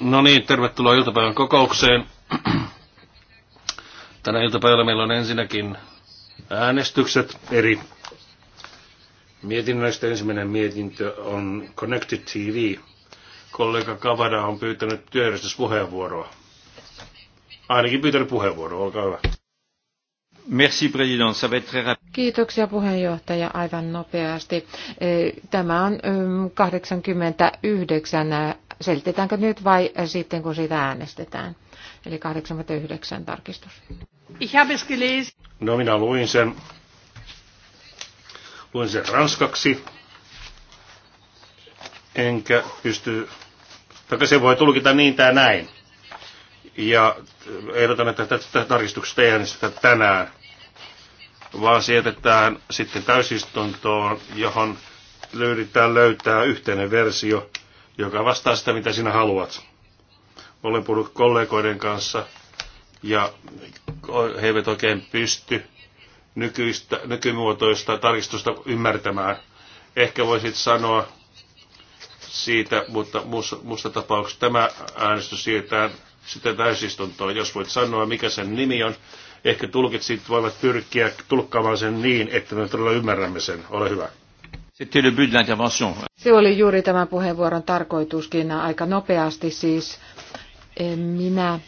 No niin, tervetuloa iltapäivän kokoukseen. Tänä iltapäivällä meillä on ensinnäkin äänestykset eri mietinnöistä. Ensimmäinen mietintö on Connected TV. Kollega Kavada on pyytänyt työjärjestyspuheenvuoroa. Ainakin pyytänyt puheenvuoroa, olkaa hyvä. Kiitoksia puheenjohtaja aivan nopeasti. E, tämä on 89. Mm, Selitetäänkö nyt vai sitten kun siitä äänestetään? Eli 89 tarkistus. No minä luin sen. Luin sen ranskaksi. Enkä pysty... Tai se voi tulkita niin tai näin. Ja ehdotan, että tästä tarkistuksesta ei äänestetä tänään, vaan sietetään sitten täysistuntoon, johon löydetään löytää yhteinen versio, joka vastaa sitä, mitä sinä haluat. Olen puhunut kollegoiden kanssa ja he eivät oikein pysty nykyistä, nykymuotoista tarkistusta ymmärtämään. Ehkä voisit sanoa siitä, mutta muussa, muussa tapauksessa tämä äänestys siirretään sitä täysistuntoa, jos voit sanoa, mikä sen nimi on. Ehkä tulkitsit voivat pyrkiä tulkkaamaan sen niin, että me todella ymmärrämme sen. Ole hyvä. Se oli juuri tämän puheenvuoron tarkoituskin aika nopeasti siis. Minä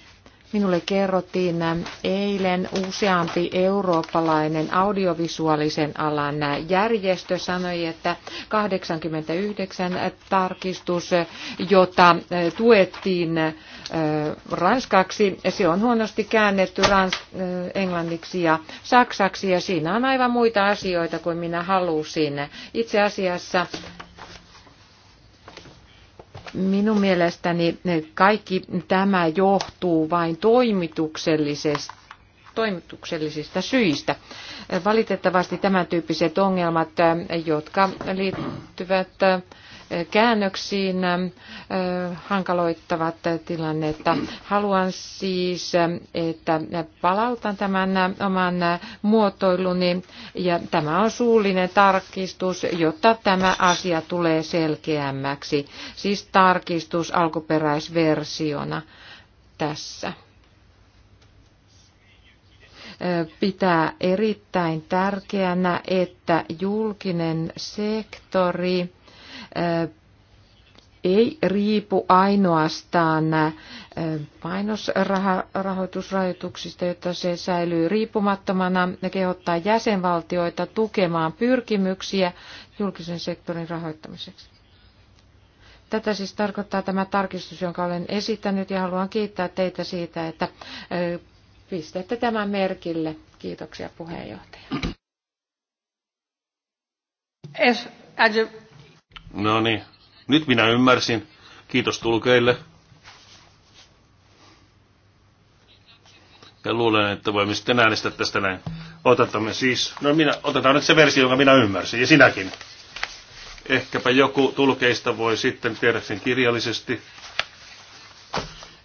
Minulle kerrottiin eilen useampi eurooppalainen audiovisuaalisen alan järjestö sanoi, että 89 tarkistus, jota tuettiin ranskaksi, se on huonosti käännetty rans- englanniksi ja saksaksi ja siinä on aivan muita asioita kuin minä halusin. Itse asiassa Minun mielestäni kaikki tämä johtuu vain toimituksellisesta toimituksellisista syistä. Valitettavasti tämän tyyppiset ongelmat, jotka liittyvät käännöksiin hankaloittavat tilannetta. Haluan siis, että palautan tämän oman muotoiluni ja tämä on suullinen tarkistus, jotta tämä asia tulee selkeämmäksi. Siis tarkistus alkuperäisversiona tässä pitää erittäin tärkeänä, että julkinen sektori ei riipu ainoastaan painosrahoitusrajoituksista, jotta se säilyy riippumattomana ja kehottaa jäsenvaltioita tukemaan pyrkimyksiä julkisen sektorin rahoittamiseksi. Tätä siis tarkoittaa tämä tarkistus, jonka olen esittänyt ja haluan kiittää teitä siitä, että pistätte tämän merkille. Kiitoksia puheenjohtaja. No niin, nyt minä ymmärsin. Kiitos tulkeille. Ja luulen, että voimme sitten äänestää tästä näin. Otamme siis, no minä, otetaan nyt se versio, jonka minä ymmärsin, ja sinäkin. Ehkäpä joku tulkeista voi sitten tehdä sen kirjallisesti,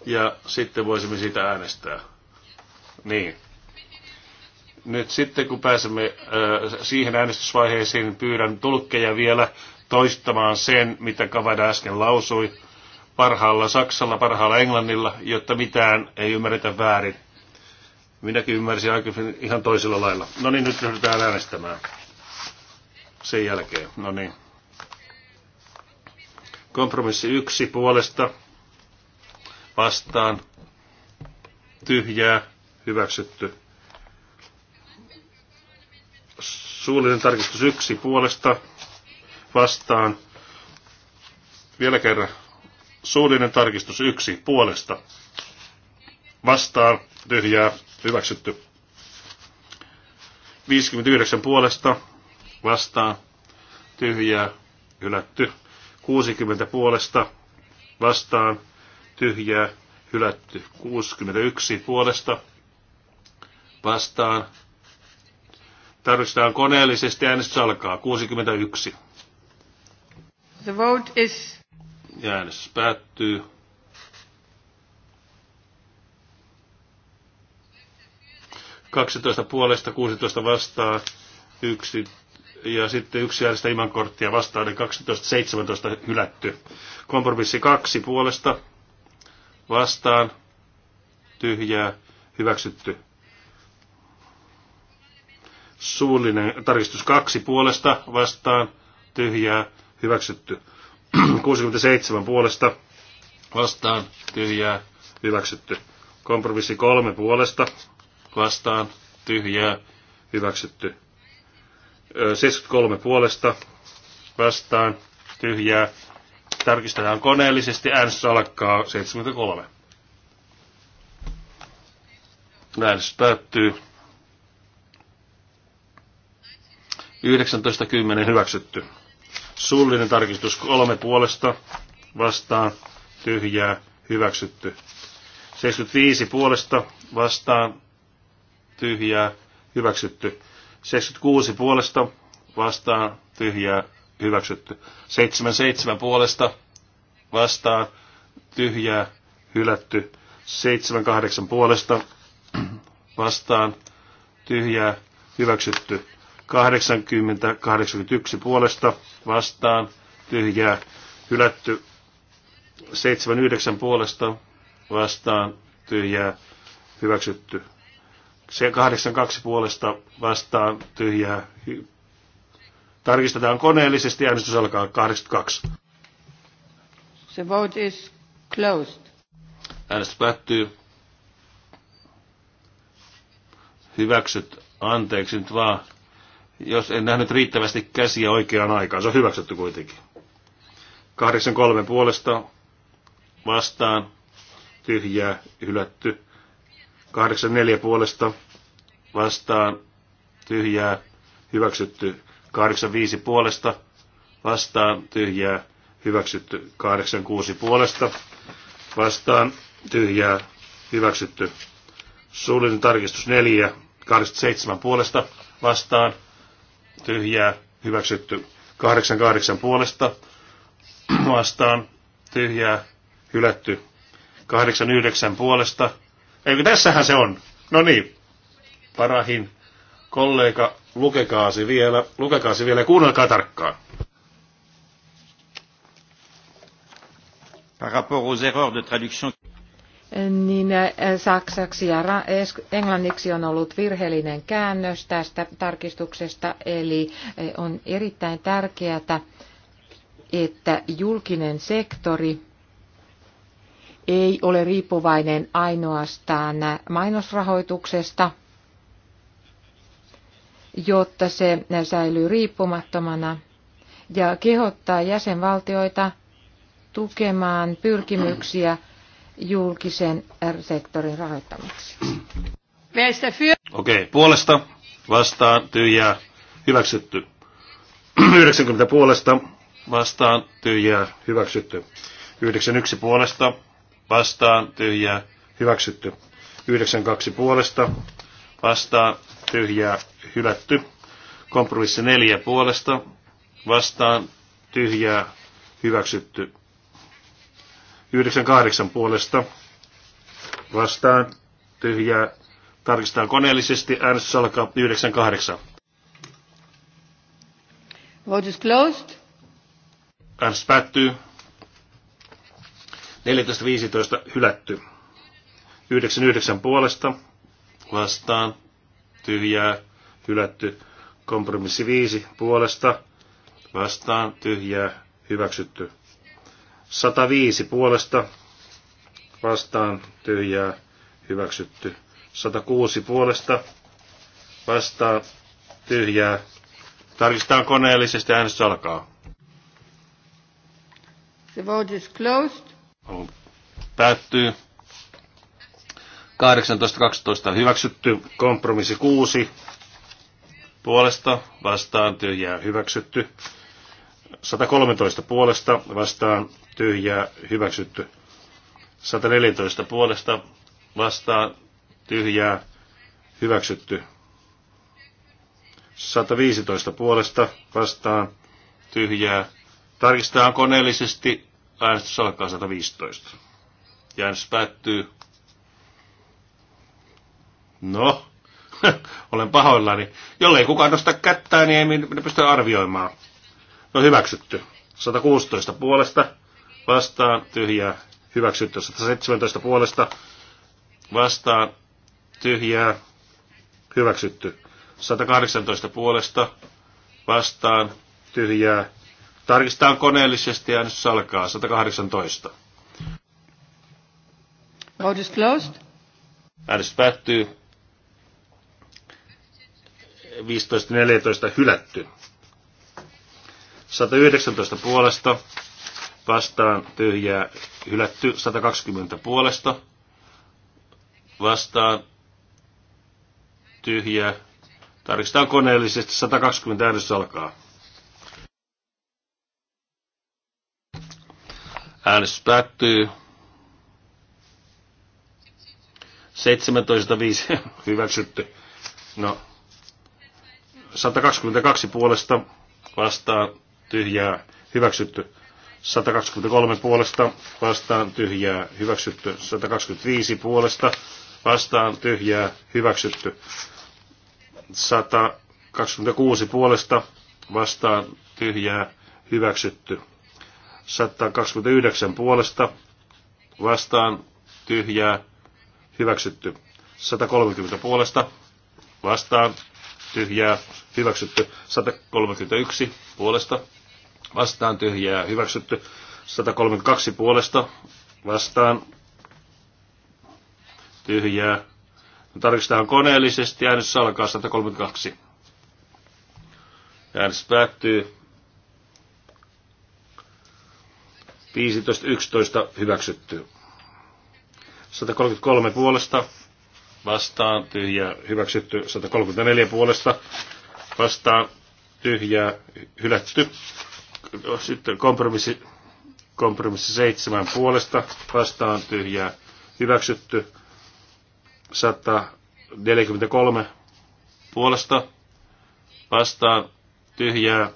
ja sitten voisimme siitä äänestää. Niin. Nyt sitten kun pääsemme äh, siihen äänestysvaiheeseen, pyydän tulkkeja vielä toistamaan sen, mitä Kavada äsken lausui, parhaalla Saksalla, parhaalla Englannilla, jotta mitään ei ymmärretä väärin. Minäkin ymmärsin aikaisemmin ihan toisella lailla. No niin, nyt ryhdytään äänestämään. Sen jälkeen, no niin. Kompromissi yksi puolesta vastaan tyhjää hyväksytty. Suullinen tarkistus yksi puolesta vastaan. Vielä kerran. Suullinen tarkistus yksi puolesta. Vastaan. Tyhjää. Hyväksytty. 59 puolesta. Vastaan. Tyhjää. Hylätty. 60 puolesta. Vastaan. Tyhjää. Hylätty. 61 puolesta. Vastaan. Tarvitaan koneellisesti. Äänestys alkaa. 61. The vote is... Ja äänestys päättyy. Kaksitoista puolesta, 16 vastaa yksi ja sitten yksi äänestä iman korttia vastaan, eli 12-17 hylätty. Kompromissi kaksi puolesta vastaan, tyhjää, hyväksytty. Suullinen tarkistus kaksi puolesta vastaan, tyhjää, hyväksytty. 67 puolesta vastaan tyhjää hyväksytty. Kompromissi 3 puolesta vastaan tyhjää hyväksytty. 73 puolesta vastaan tyhjää. Tarkistetaan koneellisesti. Äänestys alkaa 73. Äänestys päättyy. 19.10 hyväksytty. Suullinen tarkistus kolme puolesta vastaan tyhjää hyväksytty. 75 puolesta vastaan tyhjää hyväksytty. 76 puolesta vastaan tyhjää hyväksytty. 77 puolesta vastaan tyhjää hylätty. 78 puolesta vastaan tyhjää hyväksytty. 80, 81 puolesta vastaan, tyhjää, hylätty. 79 puolesta vastaan, tyhjää, hyväksytty. 82 puolesta vastaan, tyhjää. Tarkistetaan koneellisesti, äänestys alkaa 82. The vote is closed. Äänestys päättyy. Hyväksyt, anteeksi nyt vaan jos en nähnyt riittävästi käsiä oikeaan aikaan. Se on hyväksytty kuitenkin. 83 puolesta vastaan tyhjää hylätty. 84 puolesta vastaan tyhjää hyväksytty. 85 puolesta vastaan tyhjää hyväksytty. 86 puolesta vastaan tyhjää hyväksytty. Suullinen tarkistus 4, 87 puolesta vastaan tyhjää hyväksytty. 88 puolesta vastaan tyhjää hylätty. 89 puolesta. Eikö tässähän se on? No niin, parahin kollega, lukekaasi vielä, lukekaasi vielä ja kuunnelkaa tarkkaan. Par rapport aux erreurs de traduction niin äh, saksaksi ja englanniksi on ollut virheellinen käännös tästä tarkistuksesta, eli äh, on erittäin tärkeää, että julkinen sektori ei ole riippuvainen ainoastaan mainosrahoituksesta, jotta se säilyy riippumattomana ja kehottaa jäsenvaltioita tukemaan pyrkimyksiä julkisen sektorin rahoittamiseksi. Okei, okay. puolesta vastaan tyhjää hyväksytty. 90 puolesta vastaan tyhjää hyväksytty. 91 puolesta vastaan tyhjää hyväksytty. 92 puolesta vastaan tyhjää hylätty. Kompromissi 4 puolesta vastaan tyhjää hyväksytty. 98 puolesta vastaan tyhjää. Tarkistetaan koneellisesti. Äänestys alkaa 98. Vote is closed. Äänestys päättyy. 14.15 hylätty. 99 puolesta vastaan tyhjää hylätty. Kompromissi 5 puolesta vastaan tyhjää hyväksytty. 105 puolesta vastaan tyhjää hyväksytty. 106 puolesta vastaan tyhjää. Tarkistetaan koneellisesti äänestys alkaa. The vote is closed. Päättyy. 18.12 hyväksytty. Kompromissi 6 puolesta vastaan tyhjää hyväksytty. 113 puolesta vastaan tyhjää hyväksytty. 114 puolesta vastaan tyhjää hyväksytty. 115 puolesta vastaan tyhjää. Tarkistetaan koneellisesti. Äänestys alkaa 115. Ja äänestys päättyy. No, olen pahoillani. Jollei kukaan nosta kättää, niin ei minä pysty arvioimaan. No hyväksytty. 116 puolesta vastaan tyhjää hyväksytty. 117 puolesta vastaan tyhjää hyväksytty. 118 puolesta vastaan tyhjää. Tarkistetaan koneellisesti ja nyt salkaa 118. Vote is closed. Äänestys päättyy. 15.14 hylätty. 119 puolesta vastaan tyhjää hylätty 120 puolesta vastaan tyhjää. Tarkistetaan koneellisesti 120 äänestys alkaa. Äänestys päättyy. 17.5. Hyväksytty. No. 122 puolesta vastaan tyhjää hyväksytty. 123 puolesta vastaan tyhjää hyväksytty. 125 puolesta vastaan tyhjää hyväksytty. 126 puolesta vastaan tyhjää hyväksytty. 129 puolesta vastaan tyhjää hyväksytty. 130 puolesta vastaan tyhjää, hyväksytty. 131 puolesta, vastaan tyhjää, hyväksytty. 132 puolesta, vastaan tyhjää. No, tarkistetaan koneellisesti, äänestys alkaa 132. Äänestys päättyy. 15.11 hyväksytty. 133 puolesta vastaan tyhjää hyväksytty 134 puolesta vastaan tyhjää hylätty. Sitten kompromissi, kompromissi 7 puolesta vastaan tyhjää hyväksytty 143 puolesta vastaan tyhjää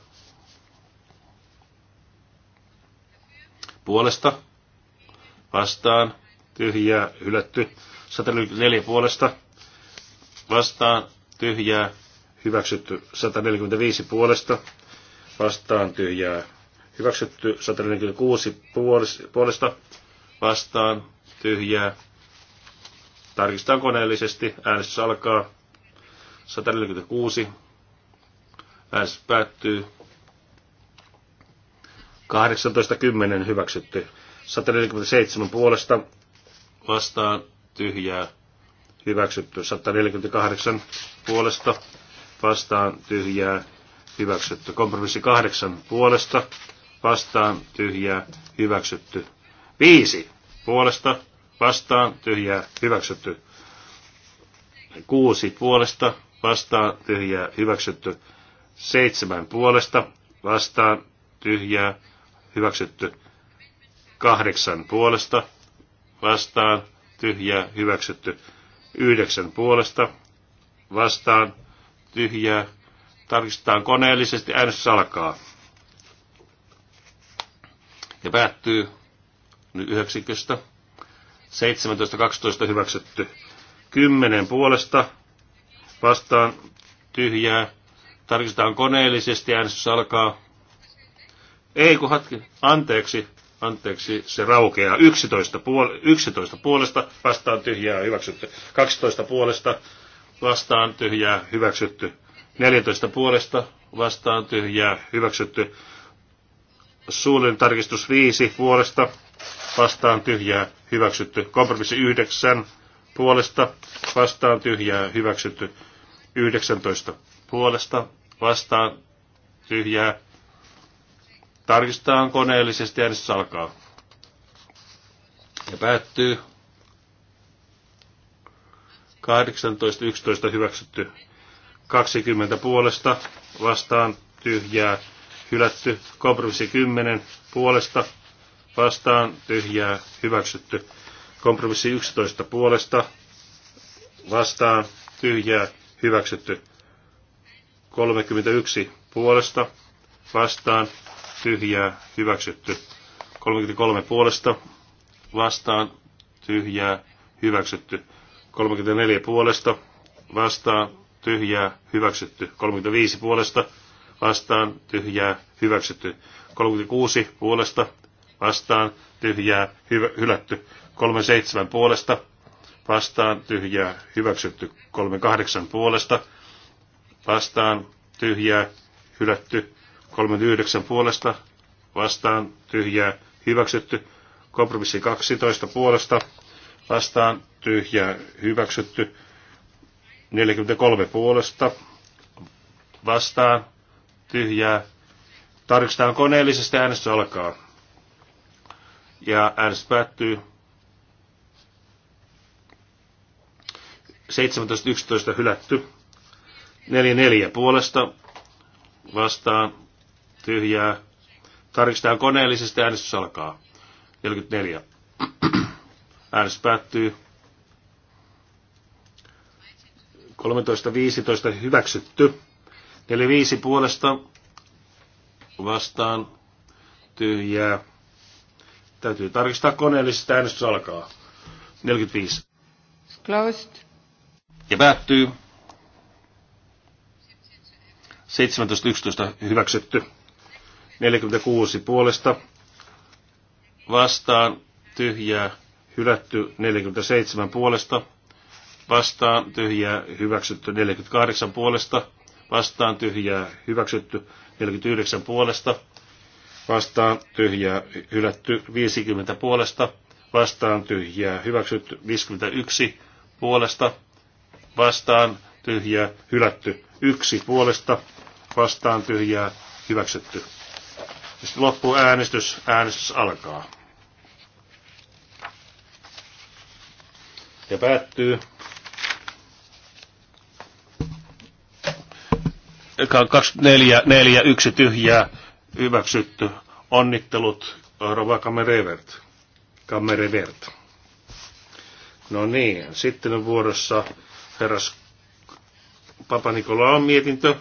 puolesta vastaan tyhjää hylätty 144 puolesta vastaan tyhjää hyväksytty 145 puolesta vastaan tyhjää hyväksytty 146 puolesta vastaan tyhjää. Tarkistetaan koneellisesti. Äänestys alkaa. 146. Äänestys päättyy. 18.10 hyväksytty. 147 puolesta vastaan tyhjää hyväksytty. 148 puolesta vastaan tyhjää hyväksytty. Kompromissi 8 puolesta vastaan tyhjää hyväksytty. 5 puolesta vastaan tyhjää hyväksytty. 6 puolesta vastaan tyhjää hyväksytty. 7 puolesta vastaan tyhjää hyväksytty. 8 puolesta vastaan tyhjää, hyväksytty. Yhdeksän puolesta, vastaan, tyhjää. Tarkistetaan koneellisesti, äänestys alkaa. Ja päättyy nyt yhdeksiköstä. 17.12 hyväksytty. 10 puolesta, vastaan, tyhjää. Tarkistetaan koneellisesti, äänestys alkaa. Ei kun hatki, anteeksi, anteeksi, se raukeaa 11, puol- 11 puolesta, vastaan tyhjää, hyväksytty. 12 puolesta, vastaan tyhjää, hyväksytty. 14 puolesta, vastaan tyhjää, hyväksytty. Suullinen tarkistus 5 puolesta, vastaan tyhjää, hyväksytty. Kompromissi 9 puolesta, vastaan tyhjää, hyväksytty. 19 puolesta, vastaan tyhjää, Tarkistetaan koneellisesti, äänestys alkaa. Ja päättyy. 18.11 hyväksytty. 20 puolesta vastaan tyhjää hylätty. Kompromissi 10 puolesta vastaan tyhjää hyväksytty. Kompromissi 11 puolesta vastaan tyhjää hyväksytty. 31 puolesta vastaan tyhjää, hyväksytty. 33 puolesta, vastaan, tyhjää, hyväksytty. 34 puolesta, vastaan, tyhjää, hyväksytty. 35 puolesta, vastaan, tyhjää, hyväksytty. 36 puolesta, vastaan, tyhjää, hyvä, hylätty. 37 puolesta, vastaan, tyhjää, hyväksytty. 38 puolesta, vastaan, tyhjää, hylätty. 39 puolesta vastaan tyhjää hyväksytty. Kompromissi 12 puolesta vastaan tyhjää hyväksytty. 43 puolesta vastaan tyhjää. Tarkistetaan koneellisesti äänestys alkaa. Ja äänestys päättyy. 17.11 hylätty. 4 puolesta vastaan tyhjää. Tarkistetaan koneellisesti, äänestys alkaa. 44. Äänestys päättyy. 13.15 hyväksytty. 45 puolesta vastaan tyhjää. Täytyy tarkistaa koneellisesti, äänestys alkaa. 45. Closed. Ja päättyy. 17.11 hyväksytty. 46 puolesta vastaan tyhjää hylätty 47 puolesta vastaan tyhjää hyväksytty 48 puolesta vastaan tyhjää hyväksytty 49 puolesta vastaan tyhjää hylätty 50 puolesta vastaan tyhjää hyväksytty 51 puolesta vastaan tyhjää hylätty 1 puolesta vastaan tyhjää hyväksytty sitten loppuu äänestys. Äänestys alkaa. Ja päättyy. 24, 4, 1 tyhjää hyväksytty. Onnittelut Rova Kamerevert. Kamerevert. No niin, sitten on vuorossa herras Papa on mietintö.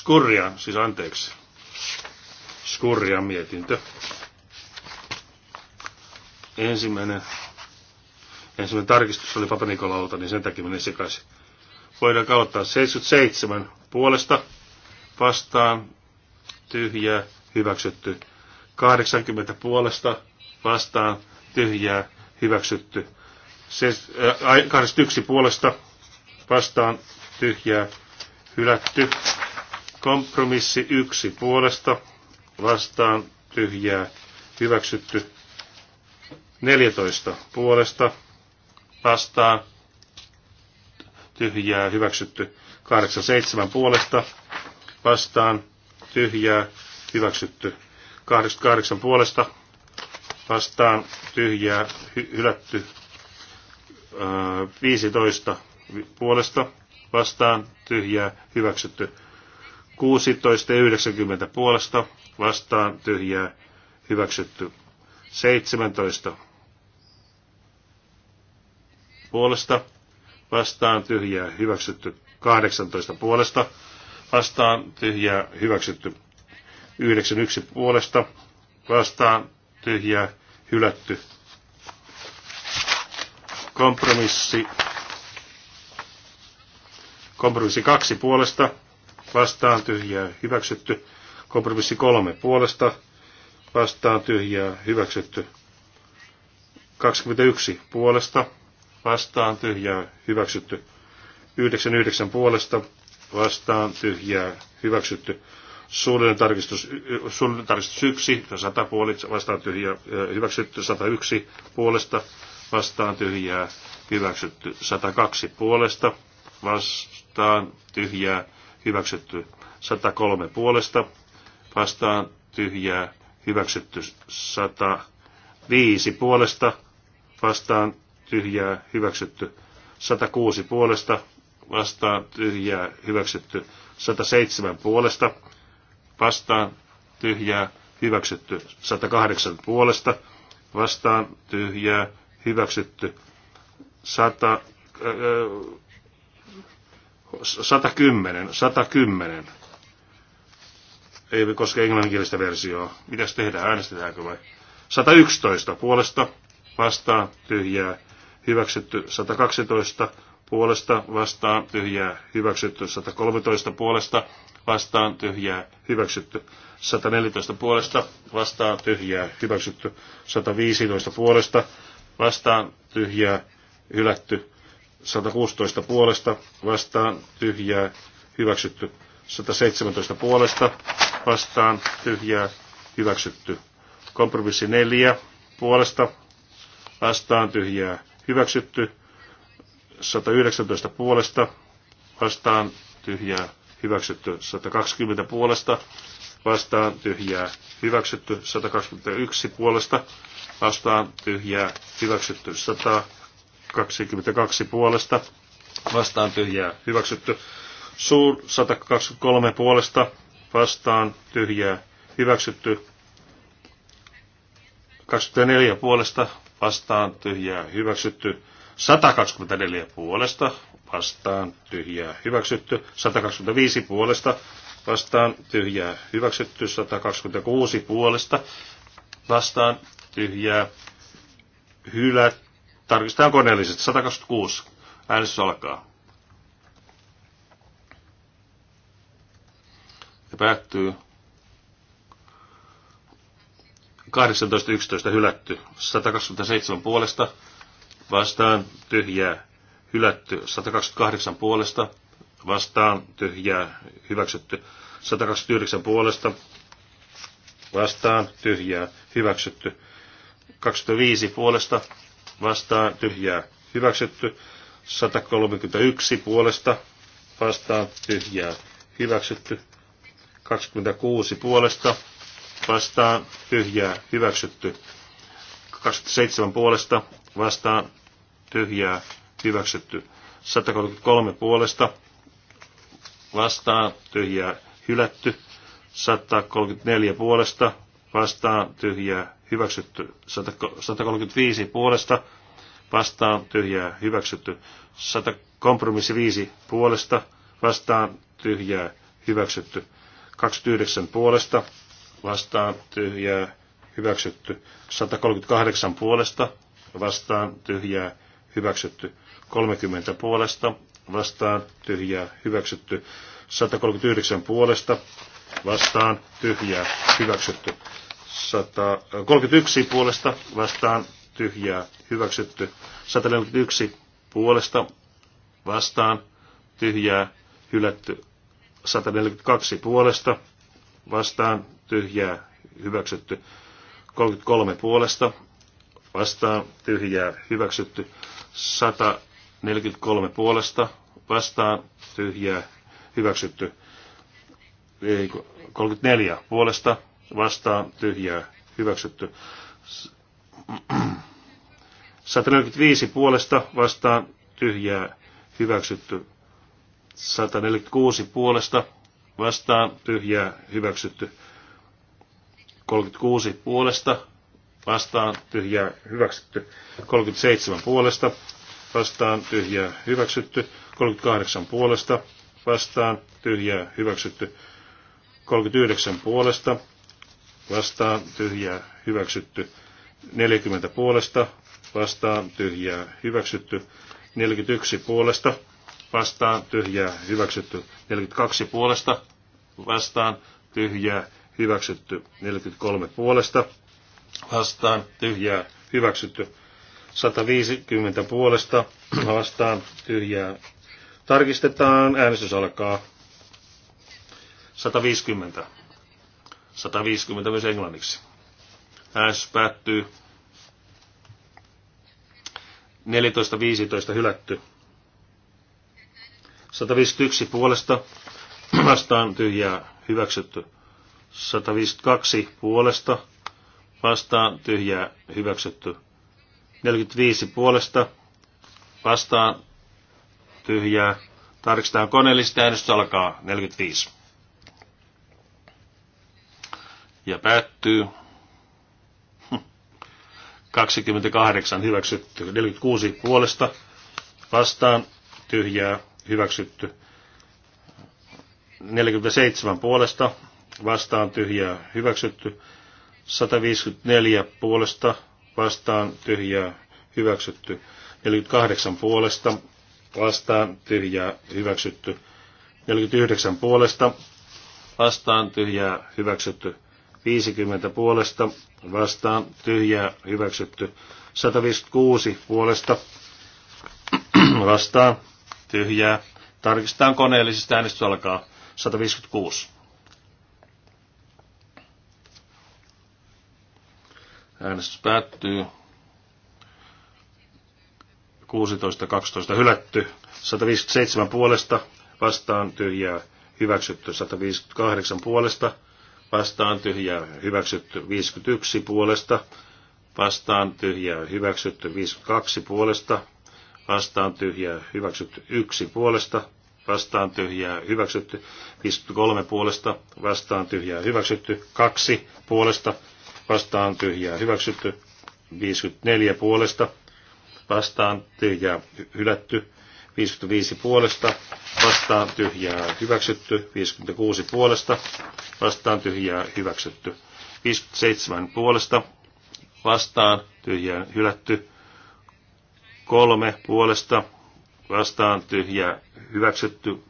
Skurria, siis anteeksi. Skurria mietintö. Ensimmäinen, ensimmäinen tarkistus oli Papanikolaulta, niin sen takia menin sekaisin. Voidaan kauttaa 77 puolesta vastaan tyhjää hyväksytty. 80 puolesta vastaan tyhjää hyväksytty. 81 äh, puolesta vastaan tyhjää hylätty. Kompromissi yksi puolesta vastaan tyhjää hyväksytty. 14 puolesta vastaan tyhjää hyväksytty. 87 puolesta vastaan tyhjää hyväksytty. 88 puolesta vastaan tyhjää hy- hylätty. 15 puolesta vastaan tyhjää hyväksytty. 16 ja 90 puolesta vastaan tyhjää hyväksytty. 17 puolesta vastaan tyhjää hyväksytty. 18 puolesta vastaan tyhjää hyväksytty. 91 puolesta vastaan tyhjää hylätty. Kompromissi. Kompromissi 2 puolesta vastaan tyhjää hyväksytty. Kompromissi kolme puolesta vastaan tyhjää hyväksytty. 21 puolesta vastaan tyhjää hyväksytty. 99 puolesta vastaan tyhjää hyväksytty. Suullinen tarkistus, suullinen tarkistus 1, 100 puolit, vastaan tyhjää hyväksytty. 101 puolesta vastaan tyhjää hyväksytty. 102 puolesta vastaan tyhjää hyväksytty 103 puolesta, vastaan tyhjää, hyväksytty 105 puolesta, vastaan tyhjää, hyväksytty 106 puolesta, vastaan tyhjää, hyväksytty 107 puolesta, vastaan tyhjää, hyväksytty 108 puolesta, vastaan tyhjää, hyväksytty 100, 110, 110. Ei koske englanninkielistä versioa. Mitäs tehdään? Äänestetäänkö vai? 111 puolesta vastaan tyhjää hyväksytty 112 puolesta vastaan tyhjää hyväksytty 113 puolesta vastaan tyhjää hyväksytty 114 puolesta vastaan tyhjää hyväksytty 115 puolesta vastaan tyhjää hylätty 116 puolesta vastaan tyhjää hyväksytty. 117 puolesta vastaan tyhjää hyväksytty. Kompromissi 4 puolesta vastaan tyhjää hyväksytty. 119 puolesta vastaan tyhjää hyväksytty. 120 puolesta vastaan tyhjää hyväksytty. 121 puolesta vastaan tyhjää hyväksytty. 100 22 puolesta vastaan tyhjää hyväksytty. Suur 123 puolesta vastaan tyhjää hyväksytty. 24 puolesta vastaan tyhjää hyväksytty. 124 puolesta vastaan tyhjää hyväksytty. 125 puolesta vastaan tyhjää hyväksytty. 126 puolesta vastaan tyhjää hylätty Tarkistetaan koneellisesti. 126. Äänestys alkaa. Ja päättyy. 18.11 hylätty. 127 puolesta vastaan tyhjää hylätty. 128 puolesta vastaan tyhjää hyväksytty. 129 puolesta vastaan tyhjää hyväksytty. 25 puolesta vastaan tyhjää hyväksytty. 131 puolesta vastaan tyhjää hyväksytty. 26 puolesta vastaan tyhjää hyväksytty. 27 puolesta vastaan tyhjää hyväksytty. 133 puolesta vastaan tyhjää hylätty. 134 puolesta vastaan tyhjää hyväksytty. 135 puolesta vastaan tyhjää hyväksytty. 100, kompromissi 5 puolesta vastaan tyhjää hyväksytty. 29 puolesta vastaan tyhjää hyväksytty. 138 puolesta vastaan tyhjää hyväksytty. 30 puolesta vastaan tyhjää hyväksytty. 139 puolesta vastaan tyhjää hyväksytty. 131 puolesta vastaan tyhjää hyväksytty. 141 puolesta vastaan tyhjää hylätty. 142 puolesta vastaan tyhjää hyväksytty. 33 puolesta vastaan tyhjää hyväksytty. 143 puolesta vastaan tyhjää hyväksytty. 34 puolesta vastaan tyhjää hyväksytty. 145 puolesta vastaan tyhjää hyväksytty. 146 puolesta vastaan tyhjää hyväksytty. 36 puolesta vastaan tyhjää hyväksytty. 37 puolesta vastaan tyhjää hyväksytty. 38 puolesta vastaan tyhjää hyväksytty. 39 puolesta vastaan tyhjää hyväksytty. 40 puolesta vastaan tyhjää hyväksytty. 41 puolesta vastaan tyhjää hyväksytty. 42 puolesta vastaan tyhjää hyväksytty. 43 puolesta vastaan tyhjää hyväksytty. 150 puolesta vastaan tyhjää. Tarkistetaan, äänestys alkaa. 150. 150 myös englanniksi. Äänestys päättyy. 14.15 hylätty. 151 puolesta vastaan tyhjää hyväksytty. 152 puolesta vastaan tyhjää hyväksytty. 45 puolesta vastaan tyhjää. Tarkistetaan koneellista äänestys alkaa 45 ja päättyy. 28 hm. hyväksytty, 46 puolesta vastaan tyhjää hyväksytty, 47 puolesta vastaan tyhjää hyväksytty, 154 puolesta vastaan tyhjää hyväksytty, 48 puolesta vastaan tyhjää hyväksytty, 49 puolesta vastaan tyhjää hyväksytty, 50 puolesta vastaan tyhjää hyväksytty. 156 puolesta vastaan tyhjää. Tarkistetaan koneellisesti äänestys alkaa 156. Äänestys päättyy. 16.12 hylätty. 157 puolesta vastaan tyhjää hyväksytty. 158 puolesta vastaan tyhjää hyväksytty 51 puolesta, vastaan tyhjää hyväksytty 52 puolesta, vastaan tyhjää hyväksytty 1 puolesta, vastaan tyhjää hyväksytty 53 puolesta, vastaan tyhjää hyväksytty 2 puolesta, vastaan tyhjää hyväksytty 54 puolesta, vastaan tyhjää hylätty 55 puolesta vastaan tyhjää hyväksytty. 56 puolesta vastaan tyhjää hyväksytty. 57 puolesta vastaan tyhjää hylätty. 3 puolesta vastaan tyhjää hyväksytty.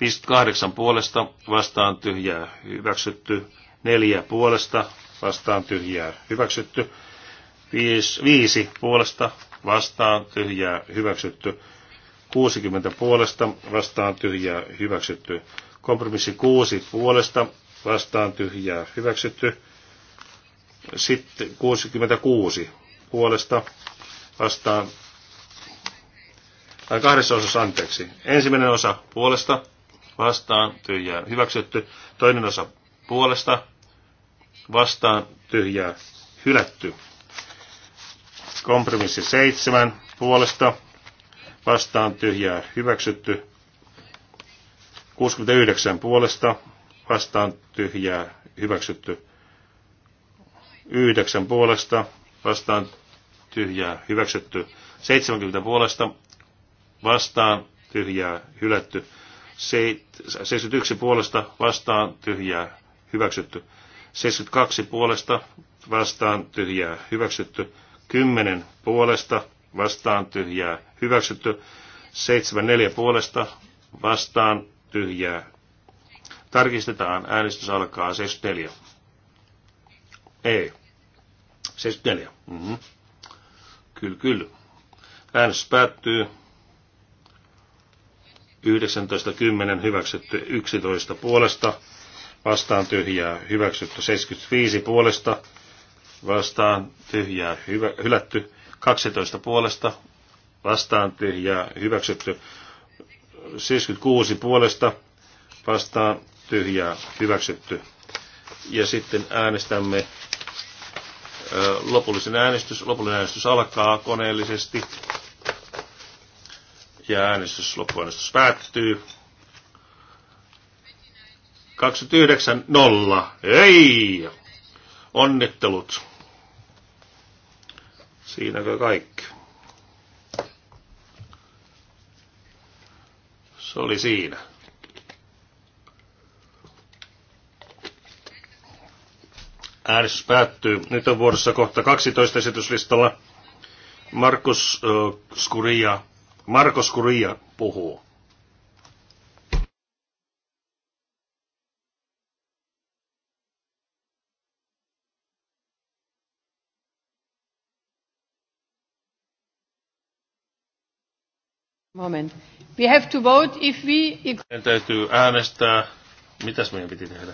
58 puolesta vastaan tyhjää hyväksytty. 4 puolesta vastaan tyhjää hyväksytty. 5 puolesta vastaan tyhjää hyväksytty. 60 puolesta vastaan tyhjää hyväksytty. Kompromissi 6 puolesta vastaan tyhjää hyväksytty. Sitten 66 puolesta vastaan, tai kahdessa osassa anteeksi. Ensimmäinen osa puolesta vastaan tyhjää hyväksytty. Toinen osa puolesta vastaan tyhjää hylätty. Kompromissi 7 puolesta vastaan tyhjää hyväksytty. 69 puolesta vastaan tyhjää hyväksytty. 9 puolesta vastaan tyhjää hyväksytty. 70 puolesta vastaan tyhjää hylätty. 71 puolesta vastaan tyhjää hyväksytty. 72 puolesta vastaan tyhjää hyväksytty. 10 puolesta vastaan tyhjää hyväksytty. 74 puolesta vastaan tyhjää. Tarkistetaan, äänestys alkaa 74. Ei. 74. Mm-hmm. Kyllä, kyllä. Äänestys päättyy. 19.10 hyväksytty 11 puolesta, vastaan tyhjää hyväksytty 75 puolesta, vastaan tyhjää hyvä, hylätty 12 puolesta vastaan tyhjää hyväksytty. 76 puolesta vastaan tyhjää hyväksytty. Ja sitten äänestämme lopullisen äänestys. Lopullinen äänestys alkaa koneellisesti. Ja äänestys, loppuäänestys päättyy. 29.0. Ei! Onnittelut. Siinäkö kaikki? Se oli siinä. Äänestys päättyy. Nyt on vuorossa kohta 12 esityslistalla. Markus äh, Skuria, Markus Skuria puhuu. Moment. We have to vote if we... Meidän täytyy äänestää. Mitäs meidän piti tehdä?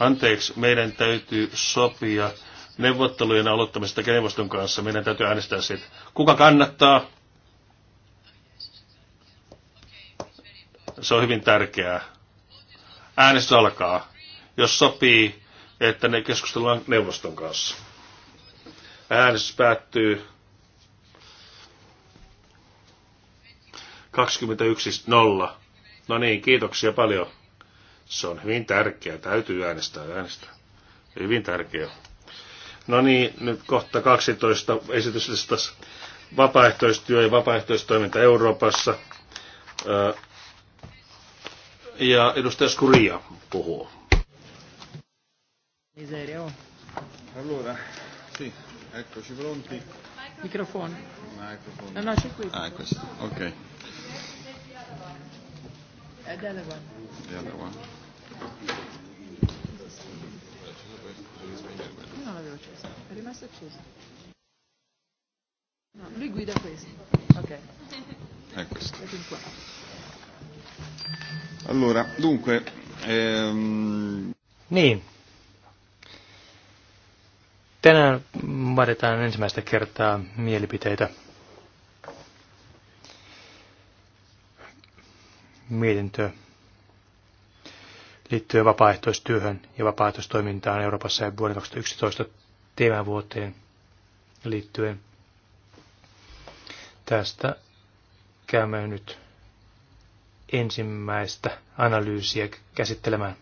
Anteeksi, meidän täytyy sopia neuvottelujen aloittamisesta neuvoston kanssa. Meidän täytyy äänestää siitä. Kuka kannattaa? Se on hyvin tärkeää. Äänestys alkaa, jos sopii, että ne keskustellaan neuvoston kanssa. Äänestys päättyy. 21.0. No niin, kiitoksia paljon. Se on hyvin tärkeää. Täytyy äänestää, äänestää. Hyvin tärkeää. No niin, nyt kohta 12 esityslistassa vapaaehtoistyö ja vapaaehtoistoiminta Euroopassa. Ja edustaja Skuria puhuu. Mikrofoni. Allora, sì, eccoci pronti. Microfono. Microfono. No, no, c'è qui. Ah, questo. Ok. The other one. Io non l'avevo è No, lui guida questo. Ok. Allora, dunque. Ehm... Niin. Tänään vaaditaan ensimmäistä kertaa mielipiteitä mietintö liittyen vapaaehtoistyöhön ja vapaaehtoistoimintaan Euroopassa ja vuoden 2011 teemavuoteen liittyen. Tästä käymme nyt ensimmäistä analyysiä käsittelemään.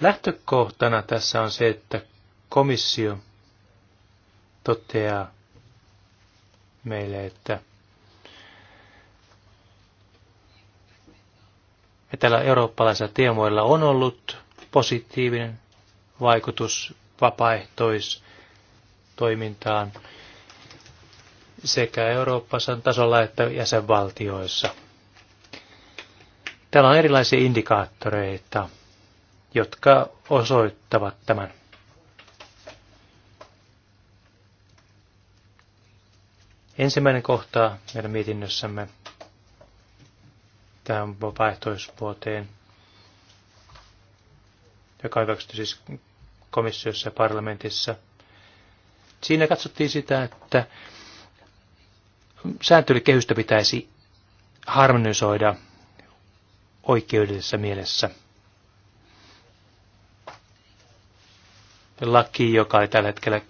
Lähtökohtana tässä on se, että komissio toteaa meille, että, tällä eurooppalaisilla teemoilla on ollut positiivinen vaikutus vapaaehtoistoimintaan sekä Euroopan tasolla että jäsenvaltioissa. Täällä on erilaisia indikaattoreita, jotka osoittavat tämän. Ensimmäinen kohta meidän mietinnössämme tähän vapaaehtoisvuoteen, joka on hyväksytty siis komissiossa ja parlamentissa. Siinä katsottiin sitä, että sääntelykehystä pitäisi harmonisoida oikeudellisessa mielessä. Laki, joka oli tällä hetkellä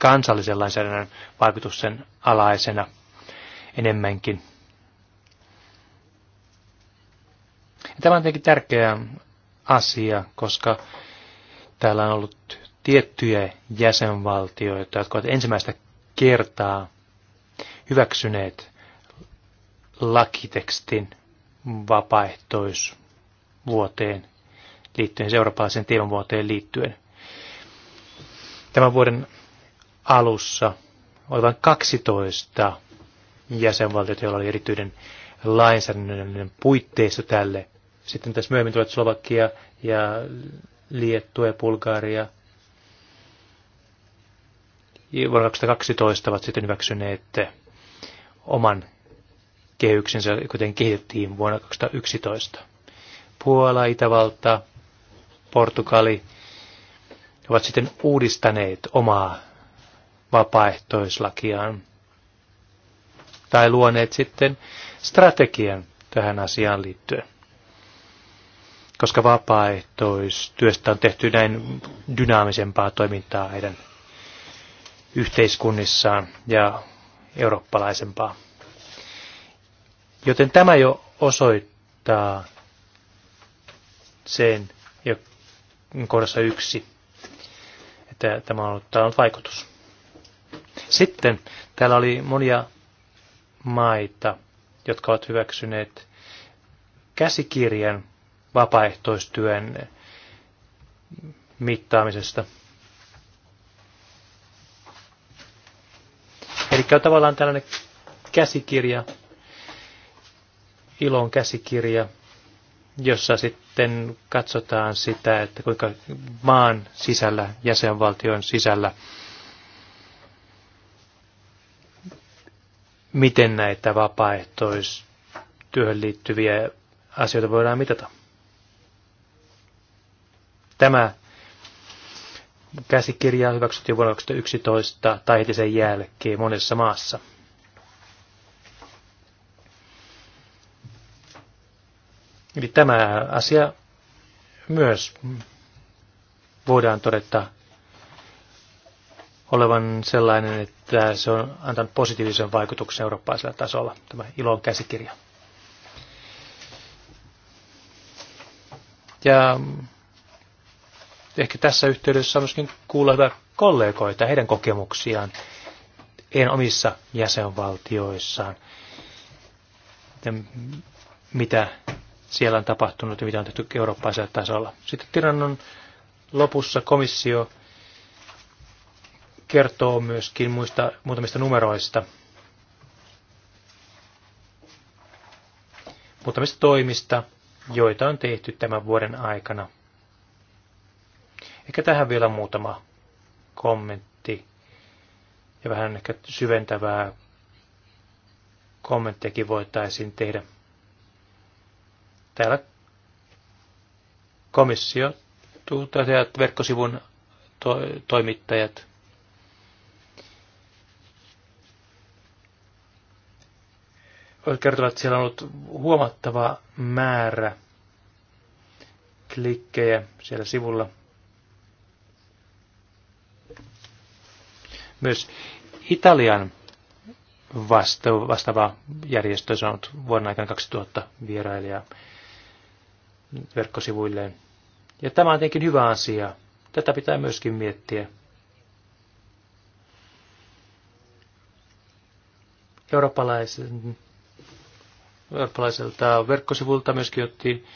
kansallisen lainsäädännön vaikutuksen alaisena enemmänkin. Ja tämä on tietenkin tärkeä asia, koska täällä on ollut tiettyjä jäsenvaltioita, jotka ovat ensimmäistä kertaa hyväksyneet lakitekstin vapaaehtoisvuoteen liittyen, siis eurooppalaisen teemanvuoteen liittyen. Tämän vuoden alussa oli vain 12 jäsenvaltiota, joilla oli erityinen lainsäädännöllinen puitteisto tälle. Sitten tässä myöhemmin tulee Slovakia ja Liettua ja Bulgaria. vuonna 2012 ovat sitten hyväksyneet oman kehyksensä, kuten kehitettiin vuonna 2011. Puola, Itävalta, Portugali ovat sitten uudistaneet omaa vapaaehtoislakiaan. Tai luoneet sitten strategian tähän asiaan liittyen. Koska vapaaehtoistyöstä on tehty näin dynaamisempaa toimintaa heidän yhteiskunnissaan ja eurooppalaisempaa. Joten tämä jo osoittaa sen jo kohdassa yksi, että tämä on ollut, tämä on ollut vaikutus. Sitten täällä oli monia maita, jotka ovat hyväksyneet käsikirjan vapaaehtoistyön mittaamisesta. Eli on tavallaan tällainen käsikirja, ilon käsikirja, jossa sitten katsotaan sitä, että kuinka maan sisällä, jäsenvaltion sisällä miten näitä vapaaehtoistyöhön liittyviä asioita voidaan mitata. Tämä käsikirja hyväksyttiin vuonna 2011 tai heti sen jälkeen monessa maassa. Eli tämä asia myös voidaan todeta olevan sellainen, että se on antanut positiivisen vaikutuksen eurooppalaisella tasolla, tämä ilon käsikirja. Ja ehkä tässä yhteydessä myöskin kuulla hyvä kollegoita, heidän kokemuksiaan, en omissa jäsenvaltioissaan, ja mitä siellä on tapahtunut ja mitä on tehty eurooppalaisella tasolla. Sitten tilannon lopussa komissio kertoo myöskin muista, muutamista numeroista, muutamista toimista, joita on tehty tämän vuoden aikana. Ehkä tähän vielä muutama kommentti ja vähän ehkä syventävää kommenttiakin voitaisiin tehdä. Täällä komissio, tuota, verkkosivun to, toimittajat kertovat, että siellä on ollut huomattava määrä klikkejä siellä sivulla. Myös Italian vasta- vastaava järjestö on saanut vuonna aikana 2000 vierailijaa verkkosivuilleen. Ja tämä on tietenkin hyvä asia. Tätä pitää myöskin miettiä. Eurooppalaisen eurooppalaiselta verkkosivulta myöskin otti,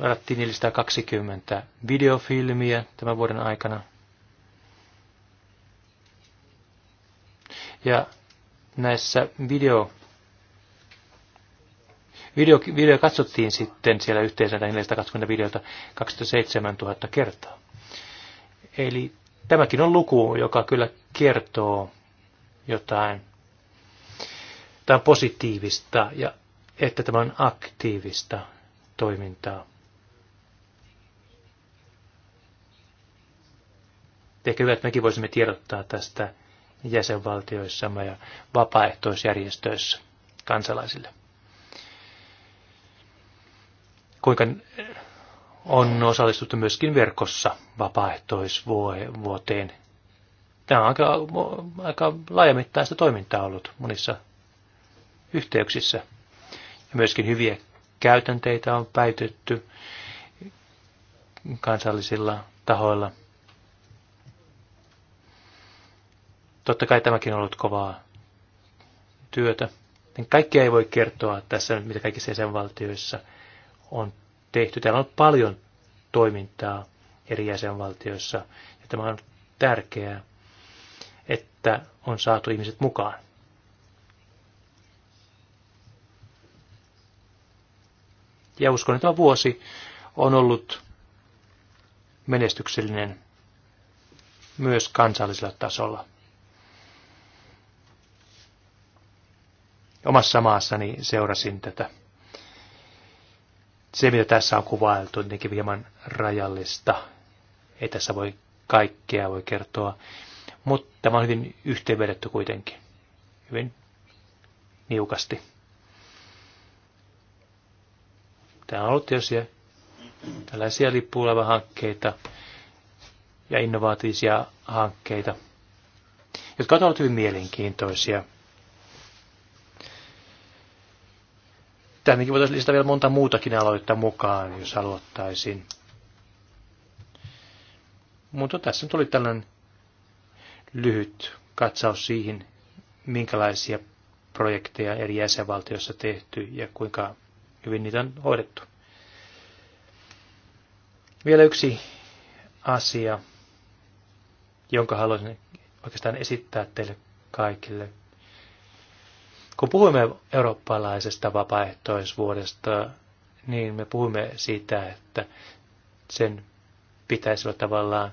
rattiin mm, 420 videofilmiä tämän vuoden aikana. Ja näissä video, video, video katsottiin sitten siellä yhteensä 420 videota 27 000 kertaa. Eli tämäkin on luku, joka kyllä kertoo jotain, on positiivista ja että tämä on aktiivista toimintaa. Ehkä hyvä, että mekin voisimme tiedottaa tästä jäsenvaltioissamme ja vapaaehtoisjärjestöissä kansalaisille. Kuinka on osallistuttu myöskin verkossa vapaaehtoisvuoteen. Tämä on aika, aika laajamittaista toimintaa ollut monissa yhteyksissä. Ja myöskin hyviä käytänteitä on päitetty kansallisilla tahoilla. Totta kai tämäkin on ollut kovaa työtä. Niin kaikkea ei voi kertoa tässä, mitä kaikissa jäsenvaltioissa on tehty. Täällä on paljon toimintaa eri jäsenvaltioissa, ja tämä on tärkeää, että on saatu ihmiset mukaan. Ja uskon, että tämä vuosi on ollut menestyksellinen myös kansallisella tasolla. Omassa maassani seurasin tätä. Se, mitä tässä on kuvailtu, on tietenkin hieman rajallista. Ei tässä voi kaikkea voi kertoa, mutta tämä on hyvin yhteenvedetty kuitenkin. Hyvin niukasti. Tämä on ollut tietysti tällaisia lippuuleva hankkeita ja innovatiivisia hankkeita, jotka ovat olleet hyvin mielenkiintoisia. Tännekin voitaisiin lisätä vielä monta muutakin aloittaa mukaan, jos aloittaisin. Mutta tässä tuli tällainen lyhyt katsaus siihen, minkälaisia projekteja eri jäsenvaltioissa tehty ja kuinka hyvin niitä on hoidettu. Vielä yksi asia, jonka haluaisin oikeastaan esittää teille kaikille. Kun puhuimme eurooppalaisesta vapaaehtoisvuodesta, niin me puhumme siitä, että sen pitäisi olla tavallaan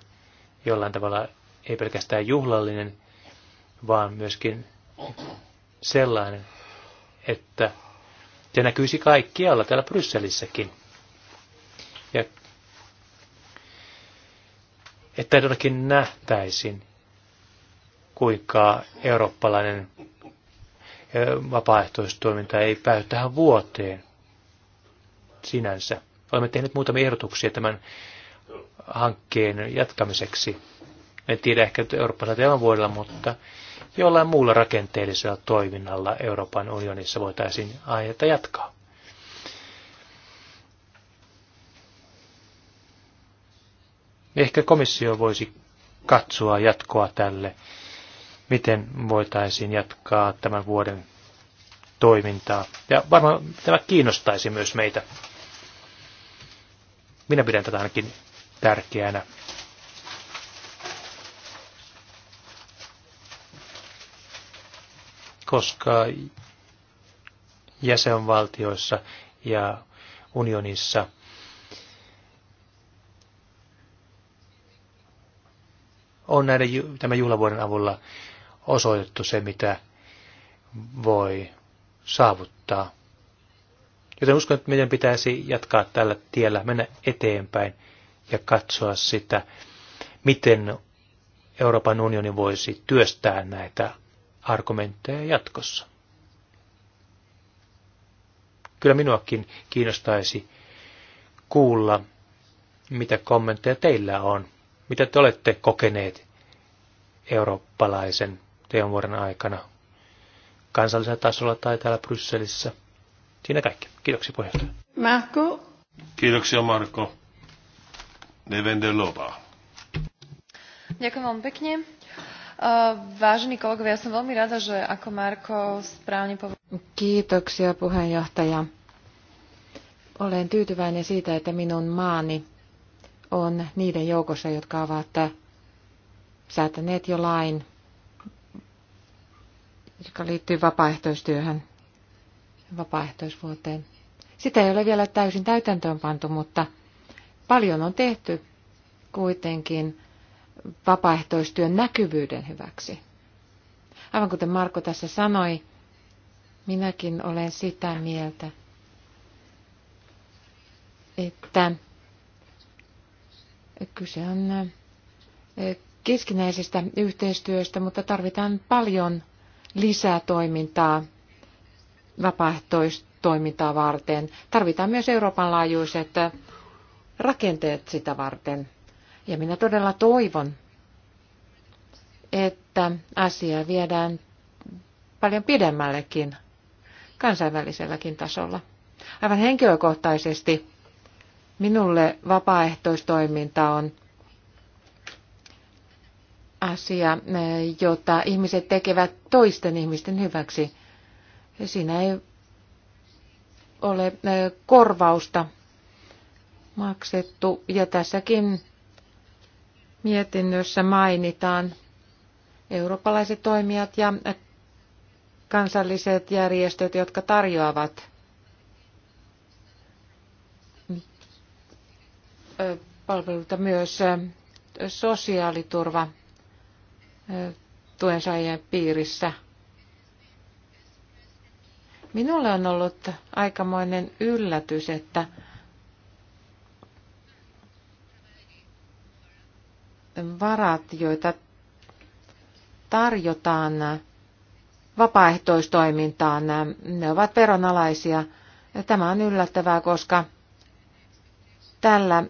jollain tavalla ei pelkästään juhlallinen, vaan myöskin sellainen, että se näkyisi kaikkialla, täällä Brysselissäkin. Ja että todellakin nähtäisin, kuinka eurooppalainen vapaaehtoistoiminta ei pääty tähän vuoteen sinänsä. Olemme tehneet muutamia ehdotuksia tämän hankkeen jatkamiseksi. En tiedä ehkä saa vuodella, mutta jollain muulla rakenteellisella toiminnalla Euroopan unionissa voitaisiin aiheita jatkaa. Ehkä komissio voisi katsoa jatkoa tälle, miten voitaisiin jatkaa tämän vuoden toimintaa. Ja varmaan tämä kiinnostaisi myös meitä. Minä pidän tätä ainakin tärkeänä koska jäsenvaltioissa ja unionissa on näiden, tämän juhlavuoden avulla osoitettu se, mitä voi saavuttaa. Joten uskon, että meidän pitäisi jatkaa tällä tiellä, mennä eteenpäin ja katsoa sitä, miten Euroopan unioni voisi työstää näitä argumentteja jatkossa. Kyllä minuakin kiinnostaisi kuulla, mitä kommentteja teillä on, mitä te olette kokeneet eurooppalaisen teidän vuoden aikana kansallisella tasolla tai täällä Brysselissä. Siinä kaikki. Kiitoksia puheenjohtaja. Marko. Kiitoksia Marko. Nevendelova. Ďakujem vám pekne. Eh, vážení kollegovia, som veľmi rada, že ako Marko správne povedal. Kiitoksia puheenjohtaja. Olen tyytyväinen siitä, että minun maani on niiden joukossa, jotka ovat säätäneet jo lain, joka liittyy vapaaehtoistyöhön, vapaaehtoisvuoteen. Sitä ei ole vielä täysin täytäntöön pantu, mutta paljon on tehty kuitenkin vapaaehtoistyön näkyvyyden hyväksi. Aivan kuten Marko tässä sanoi, minäkin olen sitä mieltä, että kyse on eh, keskinäisestä yhteistyöstä, mutta tarvitaan paljon lisää toimintaa vapaaehtoistoimintaa varten. Tarvitaan myös Euroopan laajuiset eh, rakenteet sitä varten. Ja minä todella toivon, että asiaa viedään paljon pidemmällekin kansainväliselläkin tasolla. Aivan henkilökohtaisesti minulle vapaaehtoistoiminta on asia, jota ihmiset tekevät toisten ihmisten hyväksi. Siinä ei ole korvausta maksettu ja tässäkin mietinnössä mainitaan eurooppalaiset toimijat ja kansalliset järjestöt, jotka tarjoavat palveluita myös sosiaaliturva tuensaajien piirissä. Minulle on ollut aikamoinen yllätys, että varat, joita tarjotaan vapaaehtoistoimintaan, ne ovat veronalaisia. Tämä on yllättävää, koska tällä